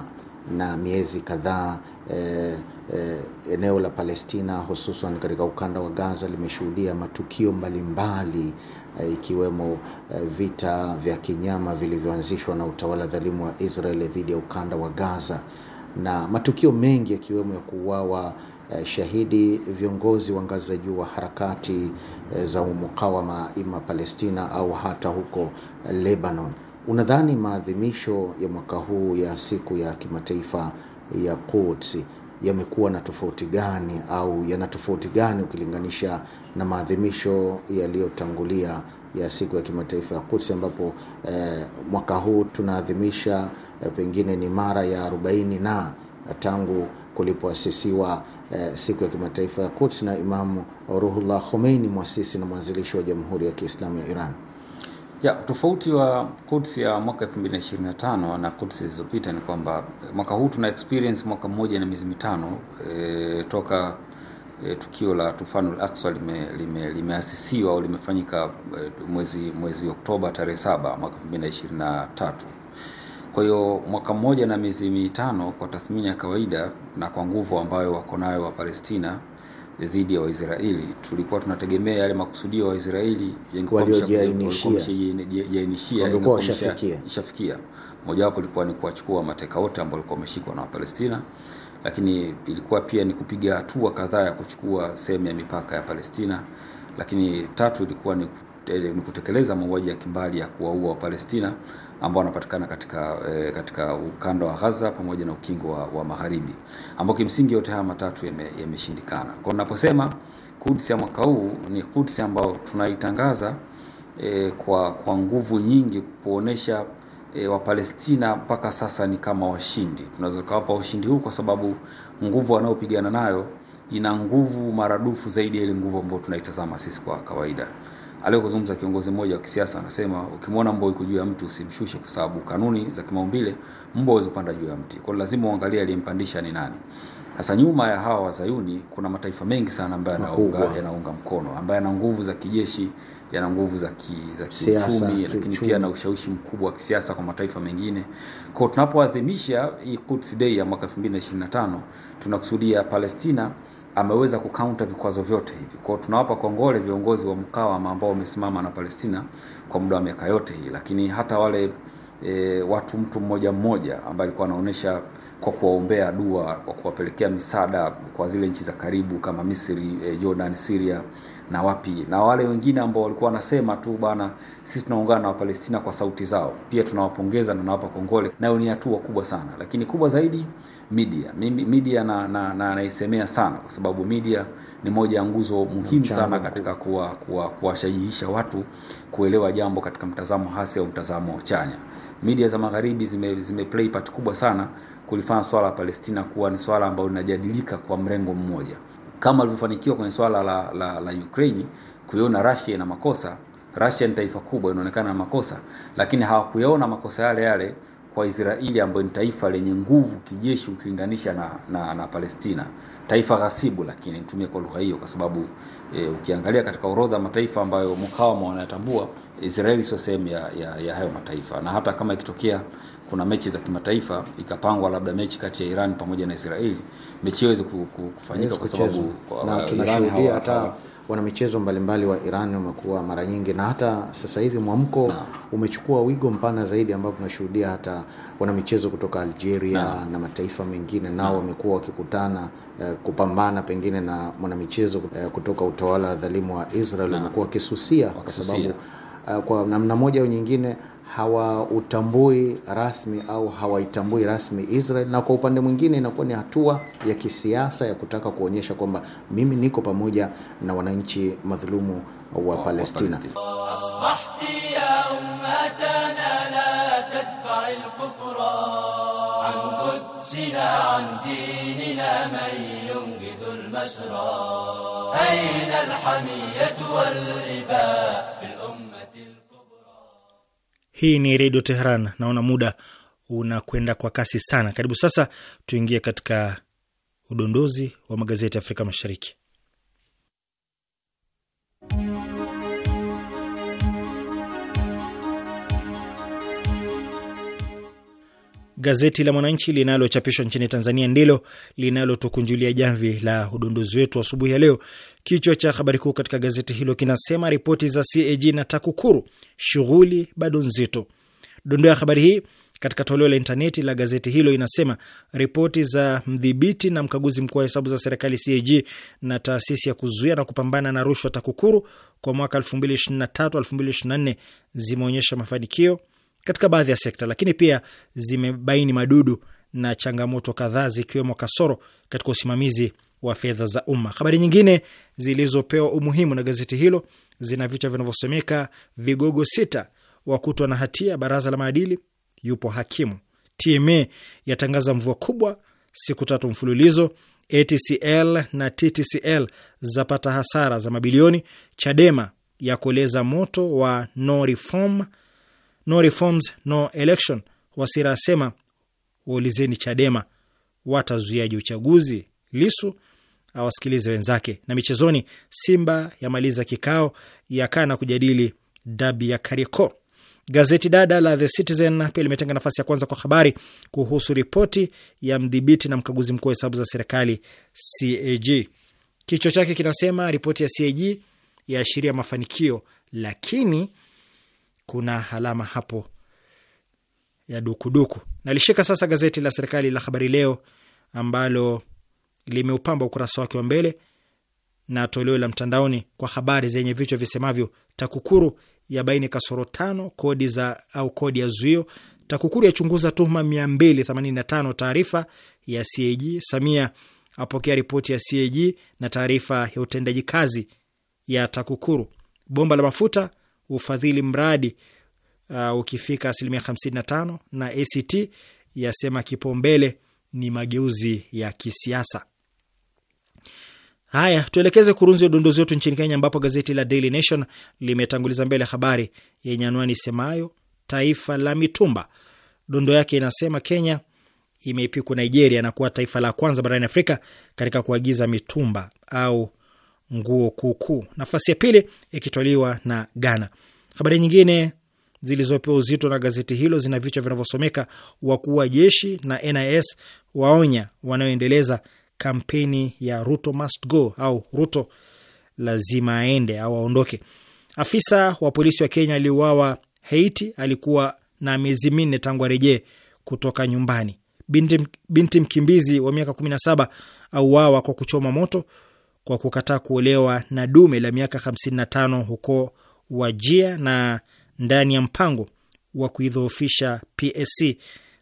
na miezi kadhaa e, e, eneo la Palestina hususan katika ukanda wa Gaza limeshuhudia matukio mbalimbali e, ikiwemo e, vita vya kinyama vilivyoanzishwa na utawala dhalimu wa israel dhidi ya ukanda wa Gaza na matukio mengi yakiwemo ya kuuawa e, shahidi viongozi wa ngazi za juu wa harakati e, za mukawama ima Palestina au hata huko Lebanon. Unadhani maadhimisho ya mwaka huu ya siku ya kimataifa ya Quds yamekuwa na tofauti gani au yana tofauti gani ukilinganisha na maadhimisho yaliyotangulia ya siku ya kimataifa ya Quds ambapo eh, mwaka huu tunaadhimisha eh, pengine ni mara ya 40 na tangu kulipoasisiwa eh, siku ya kimataifa ya Quds na Imamu Ruhullah Khomeini, mwasisi na mwanzilishi wa Jamhuri ya Kiislamu ya Iran. Ya, tofauti wa Quds ya mwaka 2025 na Quds zilizopita ni kwamba eh, mwaka huu tuna experience mwaka mmoja na miezi mitano e, toka e, tukio la tufanul Aqsa limeasisiwa lime, lime au limefanyika mwezi mwezi Oktoba tarehe saba mwaka tatu Kwa hiyo mwaka mmoja na miezi mitano kwa tathmini ya kawaida na kwa nguvu ambayo wako nayo wa Palestina dhidi ya Waisraeli. Tulikuwa tunategemea yale makusudio ya Waisraeli ishafikia. Mojawapo ilikuwa ni kuwachukua mateka wote ambao walikuwa wameshikwa na Wapalestina, lakini ilikuwa pia ni kupiga hatua kadhaa ya kuchukua sehemu ya mipaka ya Palestina, lakini tatu ilikuwa ni kutekeleza mauaji ya kimbali ya kuwaua Wapalestina ambao wanapatikana katika e, katika ukanda wa Gaza pamoja na ukingo wa, wa magharibi ambao kimsingi yote haya matatu yameshindikana. kwa naposema Quds ya mwaka huu ni Quds ambayo tunaitangaza e, kwa kwa nguvu nyingi kuonesha E, Wapalestina mpaka sasa ni kama washindi. Tunaweza tukawapa ushindi huu kwa sababu nguvu wanaopigana nayo ina nguvu maradufu zaidi ya ile nguvu ambayo tunaitazama sisi kwa kawaida aliyozungumza kiongozi mmoja wa kisiasa anasema, ukimwona mbwa yuko juu ya mtu usimshushe, kwa sababu kanuni za kimaumbile mbwa hawezi kupanda juu ya mti. Kwa hiyo lazima uangalie aliyempandisha ni nani. Sasa nyuma ya hawa wazayuni kuna mataifa mengi sana ambayo yanaunga yanaunga mkono, ambayo yana nguvu za kijeshi, yana nguvu za ki, za kiuchumi, lakini pia na ushawishi mkubwa wa kisiasa kwa mataifa mengine. Kwa tunapoadhimisha hii Quds Day ya mwaka 2025 tunakusudia Palestina ameweza kukaunta vikwazo vyote hivi. Kwao tunawapa kongole viongozi wa mkawama ambao wamesimama na Palestina kwa muda wa miaka yote hii, lakini hata wale e, watu mtu mmoja mmoja ambaye alikuwa anaonyesha kwa kuwaombea dua, kwa kuwapelekea misaada kwa zile nchi za karibu kama Misri, eh, Jordan, Syria na wapi, na wale wengine ambao walikuwa wanasema tu bana, sisi tunaungana na Wapalestina kwa sauti zao, pia tunawapongeza na nawapa kongole, nayo ni hatua kubwa sana. Lakini kubwa zaidi media, mimi media na na, na naisemea sana kwa sababu media ni moja ya nguzo muhimu sana katika kuwa, kuwa, kuwa watu kuelewa jambo katika mtazamo hasi au mtazamo chanya. Media za magharibi zimeplay zime part kubwa sana kulifanya swala la Palestina kuwa ni swala ambalo linajadilika kwa mrengo mmoja, kama alivyofanikiwa kwenye swala la, la, la Ukraine kuiona Russia ina makosa. Russia ni taifa kubwa, inaonekana na makosa, lakini hawakuyaona makosa yale yale kwa Israeli ambayo ni taifa lenye nguvu kijeshi ukilinganisha na, na, na Palestina, taifa ghasibu, lakini nitumie kwa lugha hiyo, kwa sababu e, ukiangalia katika orodha mataifa ambayo mukawama wanayatambua Israeli sio sehemu ya, ya, ya hayo mataifa, na hata kama ikitokea kuna mechi za kimataifa ikapangwa labda mechi kati ya Iran pamoja na Israeli, mechi hiyo iweze kufanyika kwa sababu na tunashuhudia hata wana michezo mbalimbali wa Iran wamekuwa mara nyingi, na hata sasa hivi mwamko umechukua wigo mpana zaidi, ambapo tunashuhudia hata wana michezo kutoka Algeria na, na mataifa mengine nao wamekuwa wakikutana eh, kupambana pengine na mwanamichezo eh, kutoka utawala dhalimu wa Israel, wamekuwa wakisusia kwa sababu eh, kwa namna moja au nyingine hawautambui rasmi au hawaitambui rasmi Israel, na kwa upande mwingine inakuwa ni hatua ya kisiasa ya kutaka kuonyesha kwamba mimi niko pamoja na wananchi madhulumu wa Palestina. Hii ni Redio Teheran. Naona muda unakwenda kwa kasi sana. Karibu sasa tuingie katika udondozi wa magazeti ya Afrika Mashariki. Gazeti la Mwananchi linalochapishwa nchini Tanzania ndilo linalotukunjulia jamvi la udondozi wetu asubuhi ya leo. Kichwa cha habari kuu katika gazeti hilo kinasema ripoti za CAG na TAKUKURU, shughuli bado nzito. Dondoo ya habari hii katika toleo la intaneti la gazeti hilo inasema ripoti za mdhibiti na mkaguzi mkuu wa hesabu za serikali CAG na taasisi ya kuzuia na kupambana na rushwa TAKUKURU kwa mwaka 2023/2024 zimeonyesha mafanikio katika baadhi ya sekta, lakini pia zimebaini madudu na changamoto kadhaa zikiwemo kasoro katika usimamizi wa fedha za umma. Habari nyingine zilizopewa umuhimu na gazeti hilo zina vichwa vinavyosomeka vigogo sita wakutwa na hatia baraza la maadili, yupo hakimu, TMA yatangaza mvua kubwa siku tatu mfululizo, ATCL na TTCL zapata hasara za mabilioni, Chadema ya kueleza moto wa no reform No reforms, no election. Wasira asema waulizeni Chadema watazuiaje uchaguzi. Lisu awasikilize wenzake. Na michezoni, Simba yamaliza kikao, yakaa na kujadili dabi ya Kariakoo. Gazeti dada la The Citizen pia limetenga nafasi ya kwanza kwa habari kuhusu ripoti ya mdhibiti na mkaguzi mkuu wa hesabu za serikali CAG. Kichwa chake kinasema ripoti ya CAG yaashiria mafanikio, lakini kuna alama hapo ya dukuduku. Nalishika sasa gazeti la serikali la Habari Leo ambalo limeupamba ukurasa wake wa mbele na toleo la mtandaoni kwa habari zenye vichwa visemavyo: TAKUKURU ya baini kasoro tano kodi za au kodi ya zuio, TAKUKURU yachunguza tuhuma 285, taarifa ya CAG, Samia apokea ripoti ya CAG na taarifa ya utendaji kazi ya TAKUKURU, bomba la mafuta ufadhili mradi uh, ukifika asilimia hamsini na ACT yasema kipaumbele ni mageuzi ya kisiasa. Haya, tuelekeze kurunzi udondozi wetu nchini Kenya, ambapo gazeti la Daily Nation limetanguliza mbele habari yenye anwani semayo taifa la mitumba. Dondo yake inasema Kenya imeipikwa Nigeria na kuwa taifa la kwanza barani Afrika katika kuagiza mitumba au nguo kuukuu, nafasi ya pili ikitwaliwa na Ghana. Habari nyingine zilizopewa uzito na gazeti hilo zina vichwa vinavyosomeka wakuu wa jeshi na NIS waonya wanaoendeleza kampeni ya Ruto must go au Ruto lazima aende au aondoke. Afisa wa polisi wa Kenya aliuawa Haiti, alikuwa na miezi minne tangu arejee kutoka nyumbani. Binti, binti mkimbizi wa miaka saba auawa kwa kuchoma moto kwa kukataa kuolewa na dume la miaka 55 huko Wajia na ndani ya mpango wa kuidhoofisha PSC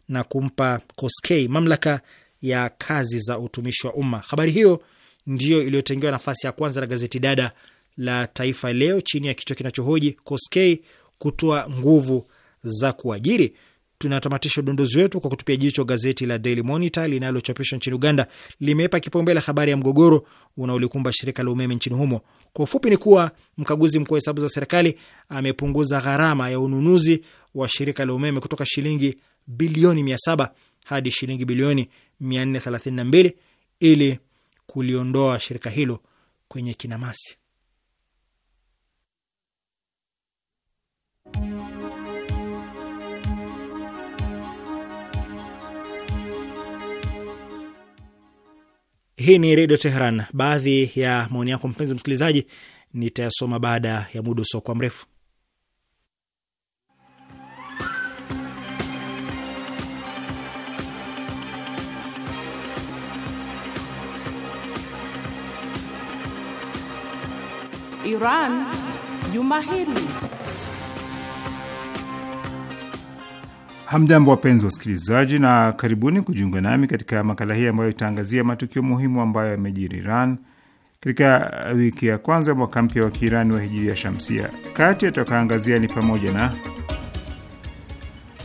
na kumpa Koskei mamlaka ya kazi za utumishi wa umma. Habari hiyo ndiyo iliyotengewa nafasi ya kwanza na gazeti dada la Taifa Leo chini ya kichwa kinachohoji Koskei kutoa nguvu za kuajiri. Tunatamatisha udondozi wetu kwa kutupia jicho gazeti la Daily Monitor linalochapishwa nchini Uganda. Limeipa kipaumbele habari ya mgogoro unaolikumba shirika la umeme nchini humo. Kwa ufupi ni kuwa mkaguzi mkuu wa hesabu za serikali amepunguza gharama ya ununuzi wa shirika la umeme kutoka shilingi bilioni saba hadi shilingi bilioni 432 ili kuliondoa shirika hilo kwenye kinamasi. Hii ni Redio Teheran. Baadhi ya maoni yako mpenzi msikilizaji nitayasoma baada ya muda usiokuwa mrefu. Iran Juma hili Hamjambo, wapenzi wa usikilizaji, na karibuni kujiunga nami katika makala hii ambayo itaangazia matukio muhimu ambayo yamejiri Iran katika wiki ya kwanza mwaka mpya wa Kiirani wa hijiri ya shamsia. Kati yatakaangazia ni pamoja na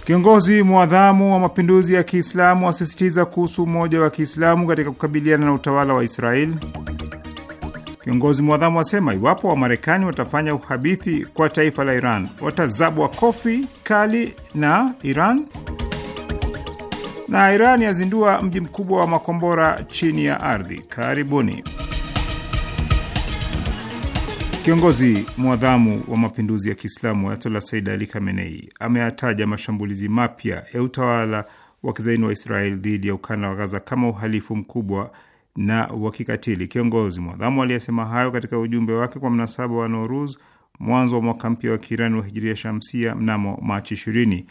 kiongozi mwadhamu wa mapinduzi ya Kiislamu asisitiza kuhusu umoja wa Kiislamu katika kukabiliana na utawala wa Israeli Kiongozi mwadhamu asema iwapo Wamarekani watafanya uhabithi kwa taifa la Iran watazabwa kofi kali na Iran. Na Iran yazindua mji mkubwa wa makombora chini ya ardhi. Karibuni. Kiongozi mwadhamu wa mapinduzi ya Kiislamu Ayatollah Said Ali Khamenei ameyataja mashambulizi mapya ya utawala wa kizaini wa Israel dhidi ya ukanda wa Gaza kama uhalifu mkubwa na wa kikatili. Kiongozi mwadhamu aliyesema hayo katika ujumbe wake kwa mnasaba wa Noruz, mwanzo wa mwaka mpya wa Kiirani wa hijiria shamsia mnamo Machi ishirini.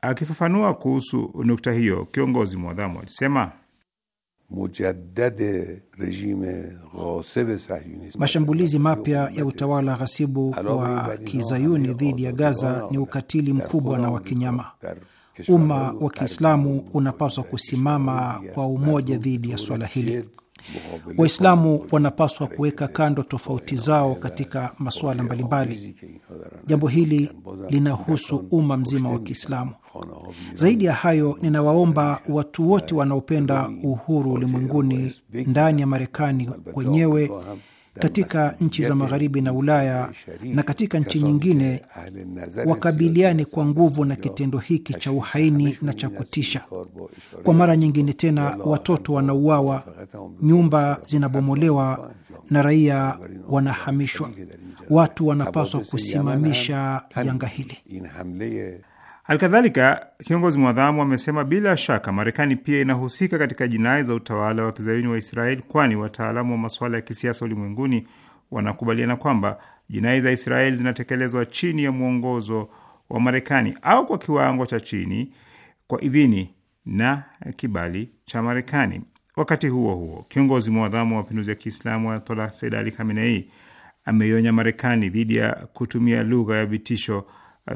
Akifafanua kuhusu nukta hiyo, kiongozi mwadhamu alisema mashambulizi mapya ya utawala ghasibu wa kizayuni dhidi ya Gaza ni ukatili mkubwa na wa kinyama umma wa Kiislamu unapaswa kusimama kwa umoja dhidi ya swala hili. Waislamu wanapaswa kuweka kando tofauti zao katika masuala mbalimbali. Jambo hili linahusu umma mzima wa Kiislamu. Zaidi ya hayo, ninawaomba watu wote wanaopenda uhuru ulimwenguni, ndani ya Marekani wenyewe katika nchi za magharibi na Ulaya na katika nchi nyingine wakabiliane kwa nguvu na kitendo hiki cha uhaini na cha kutisha. Kwa mara nyingine tena, watoto wanauawa, nyumba zinabomolewa na raia wanahamishwa. Watu wanapaswa kusimamisha janga hili. Halikadhalika, kiongozi mwadhamu amesema bila shaka Marekani pia inahusika katika jinai za utawala wa kizayuni wa Israeli, kwani wataalamu wa masuala ya kisiasa ulimwenguni wanakubaliana kwamba jinai za Israeli zinatekelezwa chini ya mwongozo wa Marekani au kwa kiwango cha chini kwa idhini na kibali cha Marekani. Wakati huo huo, kiongozi mwadhamu wa mapinduzi ya Kiislamu Ayatollah Said Ali Khamenei ameionya Marekani dhidi ya kutumia lugha ya vitisho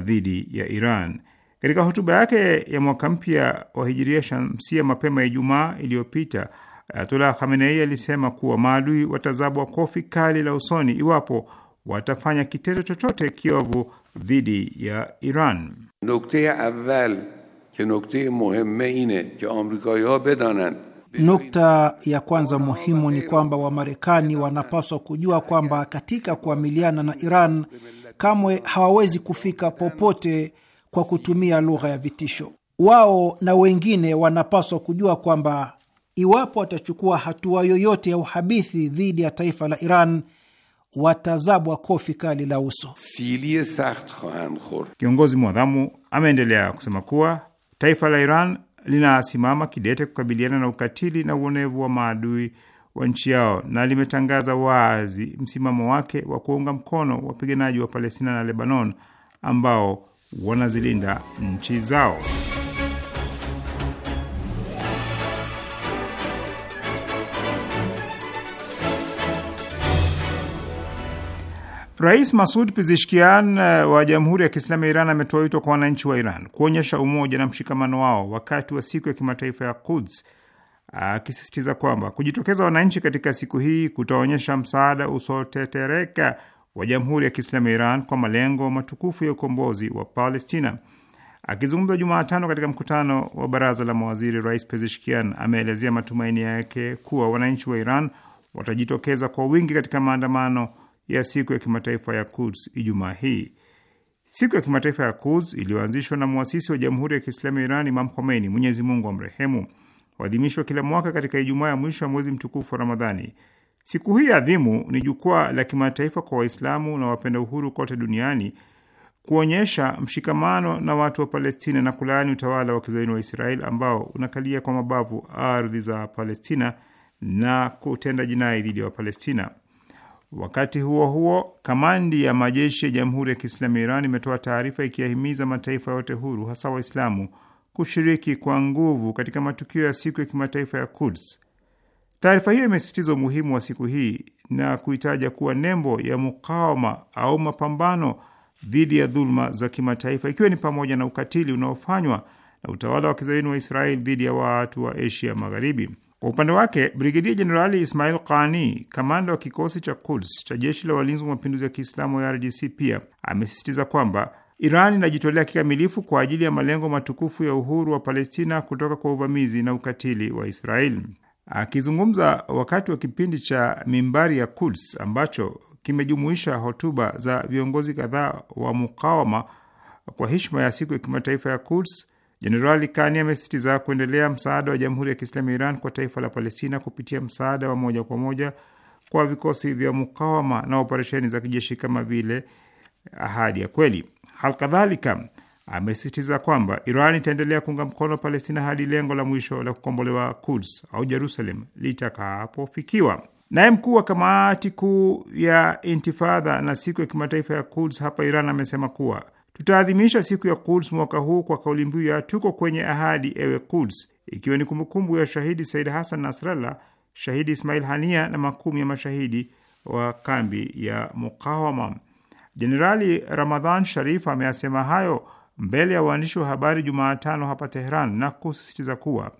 dhidi ya Iran. Katika hotuba yake ya mwaka mpya wa hijiria shamsia mapema ya Ijumaa iliyopita, Ayatullah Khamenei alisema kuwa maadui watazabwa kofi kali la usoni iwapo watafanya kitendo chochote kiovu dhidi ya Iran. Nukta ya kwanza muhimu ni kwamba Wamarekani wanapaswa kujua kwamba katika kuamiliana na Iran kamwe hawawezi kufika popote kwa kutumia lugha ya vitisho. Wao na wengine wanapaswa kujua kwamba iwapo watachukua hatua yoyote ya uhabithi dhidi ya taifa la Iran watazabwa kofi kali la uso. Kiongozi mwadhamu ameendelea kusema kuwa taifa la Iran linasimama kidete kukabiliana na ukatili na uonevu wa maadui wa nchi yao na limetangaza wazi msimamo wake wa kuunga mkono wapiganaji wa Palestina na Lebanon ambao wanazilinda nchi zao. Rais Masud Pizishkian eh, wa Jamhuri ya Kiislamu ya Iran ametoa wito kwa wananchi wa Iran kuonyesha umoja na mshikamano wao wakati wa siku ya kimataifa ya Quds, akisisitiza kwamba kujitokeza wananchi katika siku hii kutaonyesha msaada usiotetereka wa Jamhuri ya Kiislamu ya Iran kwa malengo matukufu ya ukombozi wa Palestina. Akizungumza Jumatano katika mkutano wa baraza la mawaziri, Rais Pezeshkian ameelezea matumaini yake kuwa wananchi wa Iran watajitokeza kwa wingi katika maandamano ya siku ya kimataifa ya Quds Ijumaa hii. Siku ya kimataifa ya Quds iliyoanzishwa na mwasisi wa Jamhuri ya Kiislamu ya Iran Imam Khomeini, Mwenyezi Mungu amrehemu, huadhimishwa kila mwaka katika Ijumaa ya mwisho ya mwezi mtukufu wa Ramadhani. Siku hii adhimu ni jukwaa la kimataifa kwa Waislamu na wapenda uhuru kote duniani kuonyesha mshikamano na watu wa Palestina na kulaani utawala wa kizaini wa Israel ambao unakalia kwa mabavu ardhi za Palestina na kutenda jinai dhidi ya Wapalestina. Wakati huo huo, kamandi ya majeshi ya Jamhuri ya Kiislamu ya Iran imetoa taarifa ikiyahimiza mataifa yote huru, hasa Waislamu, kushiriki kwa nguvu katika matukio ya siku ya kimataifa ya Quds Taarifa hiyo imesisitiza umuhimu wa siku hii na kuitaja kuwa nembo ya mukawama au mapambano dhidi ya dhuluma za kimataifa, ikiwa ni pamoja na ukatili unaofanywa na utawala wa kizayuni wa Israel dhidi ya watu wa Asia Magharibi. Kwa upande wake, Brigedia Jenerali Ismail Qani, kamanda wa kikosi cha Quds cha jeshi la walinzi wa mapinduzi ya Kiislamu ya RGC, pia amesisitiza kwamba Iran inajitolea kikamilifu kwa ajili ya malengo matukufu ya uhuru wa Palestina kutoka kwa uvamizi na ukatili wa Israeli. Akizungumza wakati wa kipindi cha Mimbari ya Quds ambacho kimejumuisha hotuba za viongozi kadhaa wa mukawama kwa heshima ya siku ya kimataifa ya Quds, Jenerali Kani amesisitiza kuendelea msaada wa Jamhuri ya Kiislamu ya Iran kwa taifa la Palestina kupitia msaada wa moja kwa moja kwa vikosi vya mukawama na operesheni za kijeshi kama vile Ahadi ya Kweli. Halkadhalika, amesisitiza kwamba Iran itaendelea kuunga mkono Palestina hadi lengo la mwisho la kukombolewa Kuds au Jerusalem litakapofikiwa. Naye mkuu wa kamati kuu ya Intifadha na siku ya kimataifa ya Kuds hapa Iran amesema kuwa tutaadhimisha siku ya Kuds mwaka huu kwa kauli mbiu ya tuko kwenye ahadi, ewe Kuds, ikiwa ni kumbukumbu ya shahidi Said Hassan Nasrallah, shahidi Ismail Hania na makumi ya mashahidi wa kambi ya Mukawama. Jenerali Ramadhan Sharif ameyasema hayo mbele ya waandishi wa habari Jumatano hapa Teheran na kusisitiza kuwa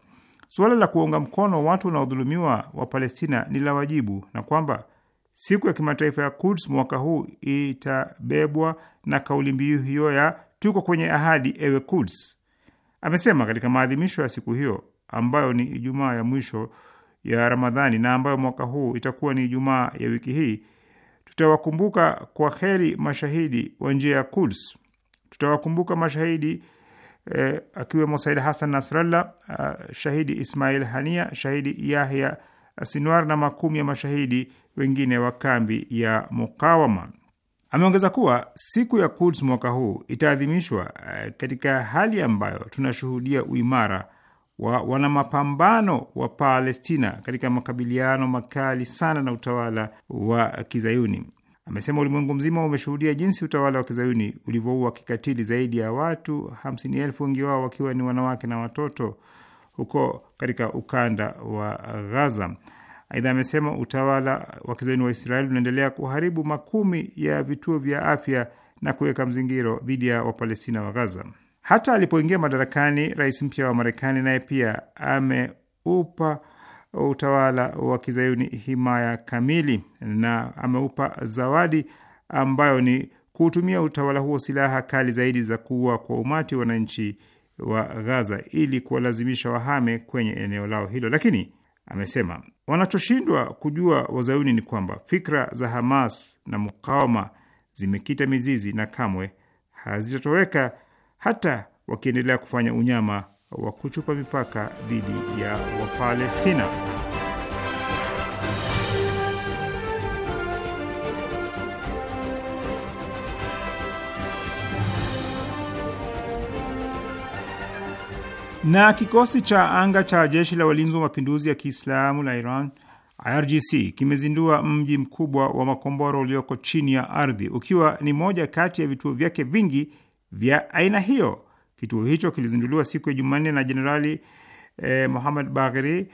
suala la kuunga mkono watu wanaodhulumiwa wa Palestina ni la wajibu na kwamba siku ya kimataifa ya Quds mwaka huu itabebwa na kauli mbiu hiyo ya tuko kwenye ahadi, ewe Quds. Amesema katika maadhimisho ya siku hiyo ambayo ni Ijumaa ya mwisho ya Ramadhani na ambayo mwaka huu itakuwa ni Ijumaa ya wiki hii, tutawakumbuka kwa kheri mashahidi wa njia ya Quds Tutawakumbuka mashahidi eh, akiwemo Said Hassan Nasrallah, uh, shahidi Ismail Hania, shahidi Yahya Sinwar na makumi ya mashahidi wengine wa kambi ya Mukawama. Ameongeza kuwa siku ya Quds mwaka huu itaadhimishwa eh, katika hali ambayo tunashuhudia uimara wa wanamapambano wa Palestina katika makabiliano makali sana na utawala wa Kizayuni. Amesema ulimwengu mzima umeshuhudia jinsi utawala wa kizayuni ulivyoua kikatili zaidi ya watu hamsini elfu, wengi wao wakiwa ni wanawake na watoto huko katika ukanda wa Gaza. Aidha amesema utawala wa kizayuni wa Israeli unaendelea kuharibu makumi ya vituo vya afya na kuweka mzingiro dhidi ya Wapalestina wa Gaza. Hata alipoingia madarakani, rais mpya wa Marekani naye pia ameupa utawala wa kizayuni himaya kamili na ameupa zawadi ambayo ni kuutumia utawala huo silaha kali zaidi za kuua kwa umati wananchi wa Gaza ili kuwalazimisha wahame kwenye eneo lao hilo. Lakini amesema wanachoshindwa kujua wazayuni ni kwamba fikra za Hamas na mukawama zimekita mizizi na kamwe hazitatoweka hata wakiendelea kufanya unyama wa kuchupa mipaka dhidi ya Wapalestina. Na kikosi cha anga cha jeshi la walinzi wa mapinduzi ya Kiislamu la Iran IRGC kimezindua mji mkubwa wa makombora ulioko chini ya ardhi ukiwa ni moja kati ya vituo vyake vingi vya aina hiyo. Kituo hicho kilizinduliwa siku ya Jumanne na Jenerali eh, Mohammad Bagheri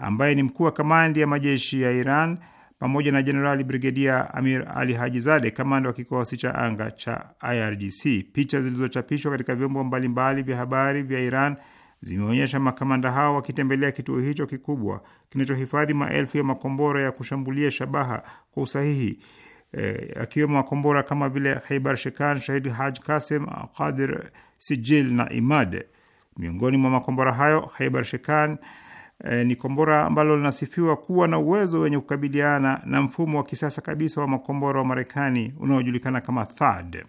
ambaye ni mkuu wa kamandi ya majeshi ya Iran pamoja na Jenerali Brigedia Amir Ali Hajizade, kamanda wa kikosi cha anga cha IRGC. Picha zilizochapishwa katika vyombo mbalimbali vya habari vya Iran zimeonyesha makamanda hao wakitembelea kituo hicho kikubwa kinachohifadhi maelfu ya makombora ya kushambulia shabaha kwa usahihi eh, akiwemo makombora kama vile Khaibar Shekan, Shahid Haj Kasim, Qadir Sijil na Imad. Miongoni mwa makombora hayo Khaibar Shekan eh, ni kombora ambalo linasifiwa kuwa na uwezo wenye kukabiliana na mfumo wa kisasa kabisa wa makombora wa Marekani unaojulikana kama THAAD.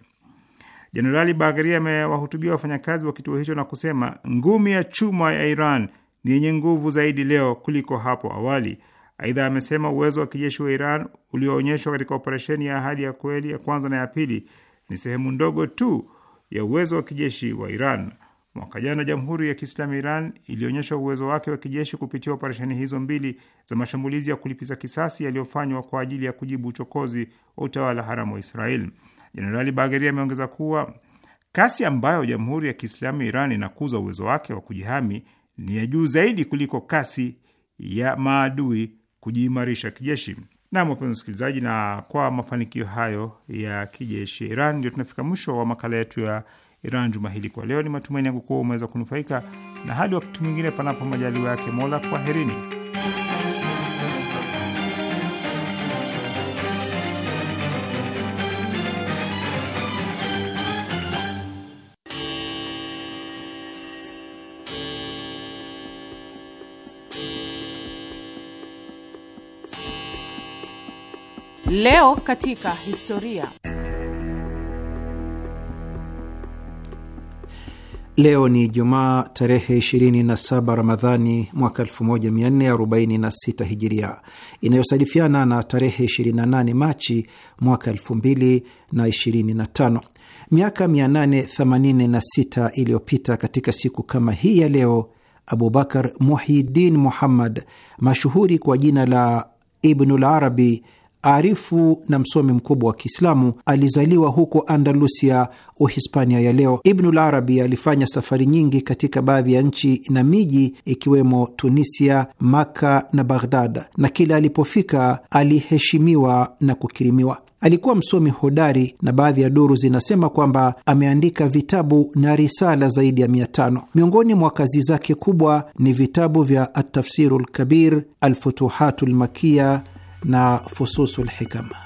Jenerali Bagheri amewahutubia wafanyakazi wa kituo hicho na kusema ngumi ya chuma ya Iran ni yenye nguvu zaidi leo kuliko hapo awali. Aidha amesema uwezo wa kijeshi wa Iran ulioonyeshwa katika operesheni ya Ahadi ya Kweli ya kwanza na ya pili ni sehemu ndogo tu ya uwezo wa kijeshi wa Iran. Mwaka jana Jamhuri ya Kiislamu ya Iran ilionyesha uwezo wake wa kijeshi kupitia operesheni hizo mbili za mashambulizi ya kulipiza kisasi yaliyofanywa kwa ajili ya kujibu uchokozi wa utawala haramu wa Israel. Jenerali Bagheri ameongeza kuwa kasi ambayo Jamhuri ya Kiislamu ya Iran inakuza uwezo wake wa kujihami ni ya juu zaidi kuliko kasi ya maadui kujiimarisha kijeshi. Nam, wapenzi msikilizaji, na kwa mafanikio hayo ya kijeshi ya Iran ndio tunafika mwisho wa makala yetu ya Iran juma hili. Kwa leo, ni matumaini yangu kuwa umeweza kunufaika na hadi wakati mwingine, panapo majaliwa yake Mola. Kwaherini. Leo katika historia. Leo ni Jumaa tarehe 27 Ramadhani mwaka 1446 Hijiria, inayosadifiana na tarehe 28 Machi mwaka 2025. Miaka 886 iliyopita katika siku kama hii ya leo, Abubakar Muhyiddin Muhammad mashuhuri kwa jina la Ibnul Arabi arifu na msomi mkubwa wa Kiislamu, alizaliwa huko Andalusia, Uhispania ya leo. Ibnul Arabi alifanya safari nyingi katika baadhi ya nchi na miji ikiwemo Tunisia, Maka na Baghdad, na kila alipofika aliheshimiwa na kukirimiwa. Alikuwa msomi hodari na baadhi ya duru zinasema kwamba ameandika vitabu na risala zaidi ya mia tano. Miongoni mwa kazi zake kubwa ni vitabu vya Atafsiru lkabir, Alfutuhatu lmakia na Fususul Hikama.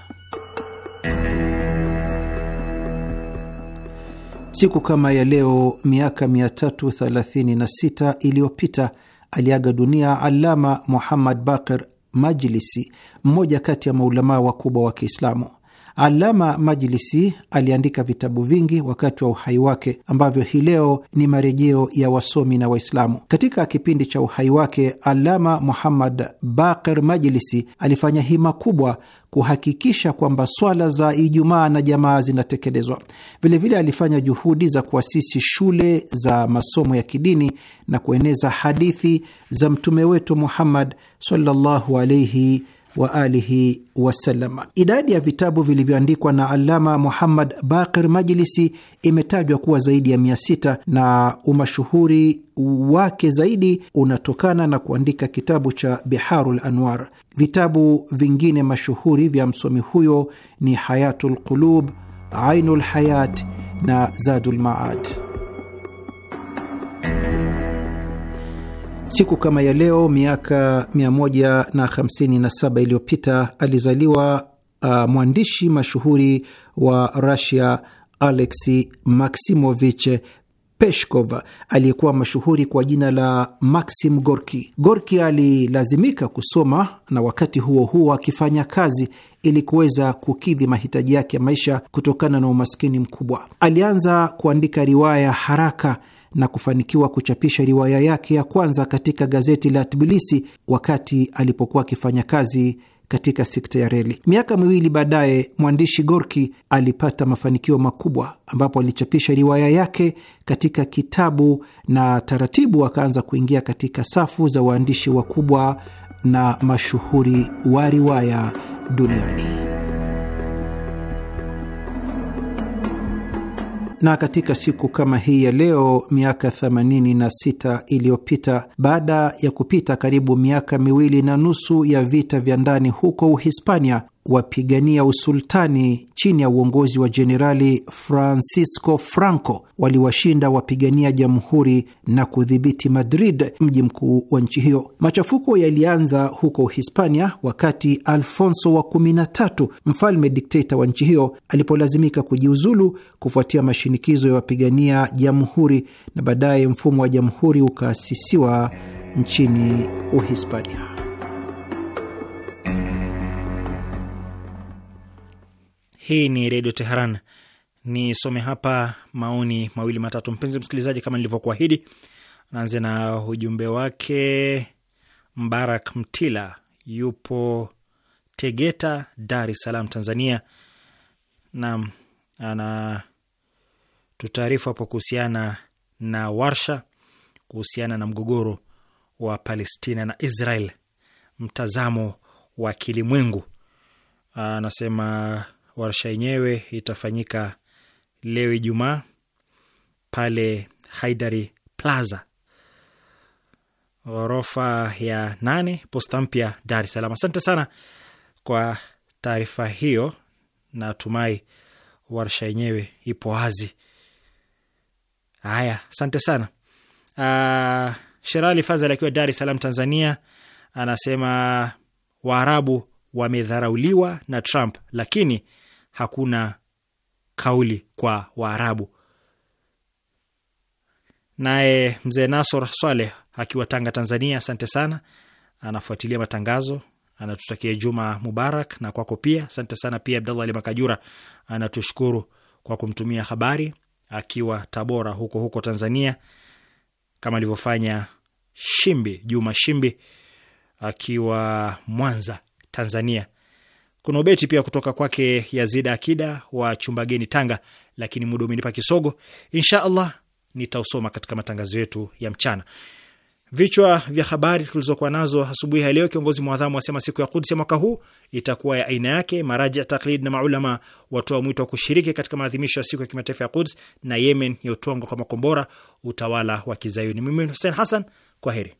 Siku kama ya leo miaka 336 iliyopita aliaga dunia Alama Muhammad Bakir Majlisi, mmoja kati ya maulamaa wakubwa wa Kiislamu. Alama Majlisi aliandika vitabu vingi wakati wa uhai wake ambavyo hii leo ni marejeo ya wasomi na Waislamu. Katika kipindi cha uhai wake, Alama Muhammad Baqir Majlisi alifanya hima kubwa kuhakikisha kwamba swala za Ijumaa na jamaa zinatekelezwa. Vilevile alifanya juhudi za kuasisi shule za masomo ya kidini na kueneza hadithi za mtume wetu Muhammad sallallahu alaihi wa alihi wasallam. Idadi ya vitabu vilivyoandikwa na Alama Muhammad Baqir Majlisi imetajwa kuwa zaidi ya mia sita na umashuhuri wake zaidi unatokana na kuandika kitabu cha Biharul Anwar. Vitabu vingine mashuhuri vya msomi huyo ni Hayatu lqulub, Ainu lhayat na Zadu lmaad. Siku kama ya leo miaka 157 iliyopita alizaliwa uh, mwandishi mashuhuri wa Rusia Alexi Maksimovich Peshkov aliyekuwa mashuhuri kwa jina la Maxim Gorki. Gorki alilazimika kusoma na wakati huo huo akifanya kazi ili kuweza kukidhi mahitaji yake ya maisha kutokana na umaskini mkubwa. Alianza kuandika riwaya haraka na kufanikiwa kuchapisha riwaya yake ya kwanza katika gazeti la Tbilisi wakati alipokuwa akifanya kazi katika sekta ya reli. Miaka miwili baadaye, mwandishi Gorki alipata mafanikio makubwa ambapo alichapisha riwaya yake katika kitabu na taratibu akaanza kuingia katika safu za waandishi wakubwa na mashuhuri wa riwaya duniani. na katika siku kama hii ya leo miaka 86 iliyopita, baada ya kupita karibu miaka miwili na nusu ya vita vya ndani huko Uhispania, wapigania usultani chini ya uongozi wa jenerali Francisco Franco waliwashinda wapigania jamhuri na kudhibiti Madrid, mji mkuu wa nchi hiyo. Machafuko yalianza huko Hispania wakati Alfonso wa 13 mfalme dikteta wa nchi hiyo alipolazimika kujiuzulu kufuatia mashinikizo ya wapigania jamhuri, na baadaye mfumo wa jamhuri ukaasisiwa nchini Uhispania. Hii ni Redio Teheran. Nisome hapa maoni mawili matatu. Mpenzi msikilizaji, kama nilivyokuahidi, naanze na ujumbe wake Mbarak Mtila, yupo Tegeta, Dar es Salaam, Tanzania. Naam, ana tutaarifu hapo kuhusiana na warsha kuhusiana na mgogoro wa Palestina na Israel, mtazamo wa kilimwengu. Anasema Warsha yenyewe itafanyika leo Ijumaa pale Haidari Plaza, ghorofa ya nane, Posta Mpya, Dar es Salaam. Asante sana kwa taarifa hiyo. Natumai warsha yenyewe ipo wazi. Haya, asante sana. Uh, Sherali Fazal akiwa Dar es Salaam, Tanzania, anasema Waarabu wamedharauliwa na Trump, lakini hakuna kauli kwa Waarabu. Naye mzee Nasor Swaleh akiwa Tanga, Tanzania, asante sana, anafuatilia matangazo, anatutakia juma mubarak na kwako pia asante sana. Pia Abdallah Ali Makajura anatushukuru kwa kumtumia habari akiwa Tabora huko huko Tanzania, kama alivyofanya Shimbi Juma Shimbi akiwa Mwanza, Tanzania. Kuna ubeti pia kutoka kwake Yazid Akida wa Chumbageni, Tanga, lakini muda umenipa kisogo. Insha Allah nitausoma katika matangazo yetu ya mchana. Vichwa vya habari tulizokuwa nazo asubuhi ya leo: kiongozi mwadhamu asema siku ya Kudsi ya mwaka huu itakuwa ya aina yake. maraji ya taklid na maulama watoa mwito wa kushiriki katika maadhimisho ya siku ya kimataifa ya Kudsi; na Yemen ya utwangwa kwa makombora utawala wa Kizayuni. Mimi Hussein Hassan, kwa heri.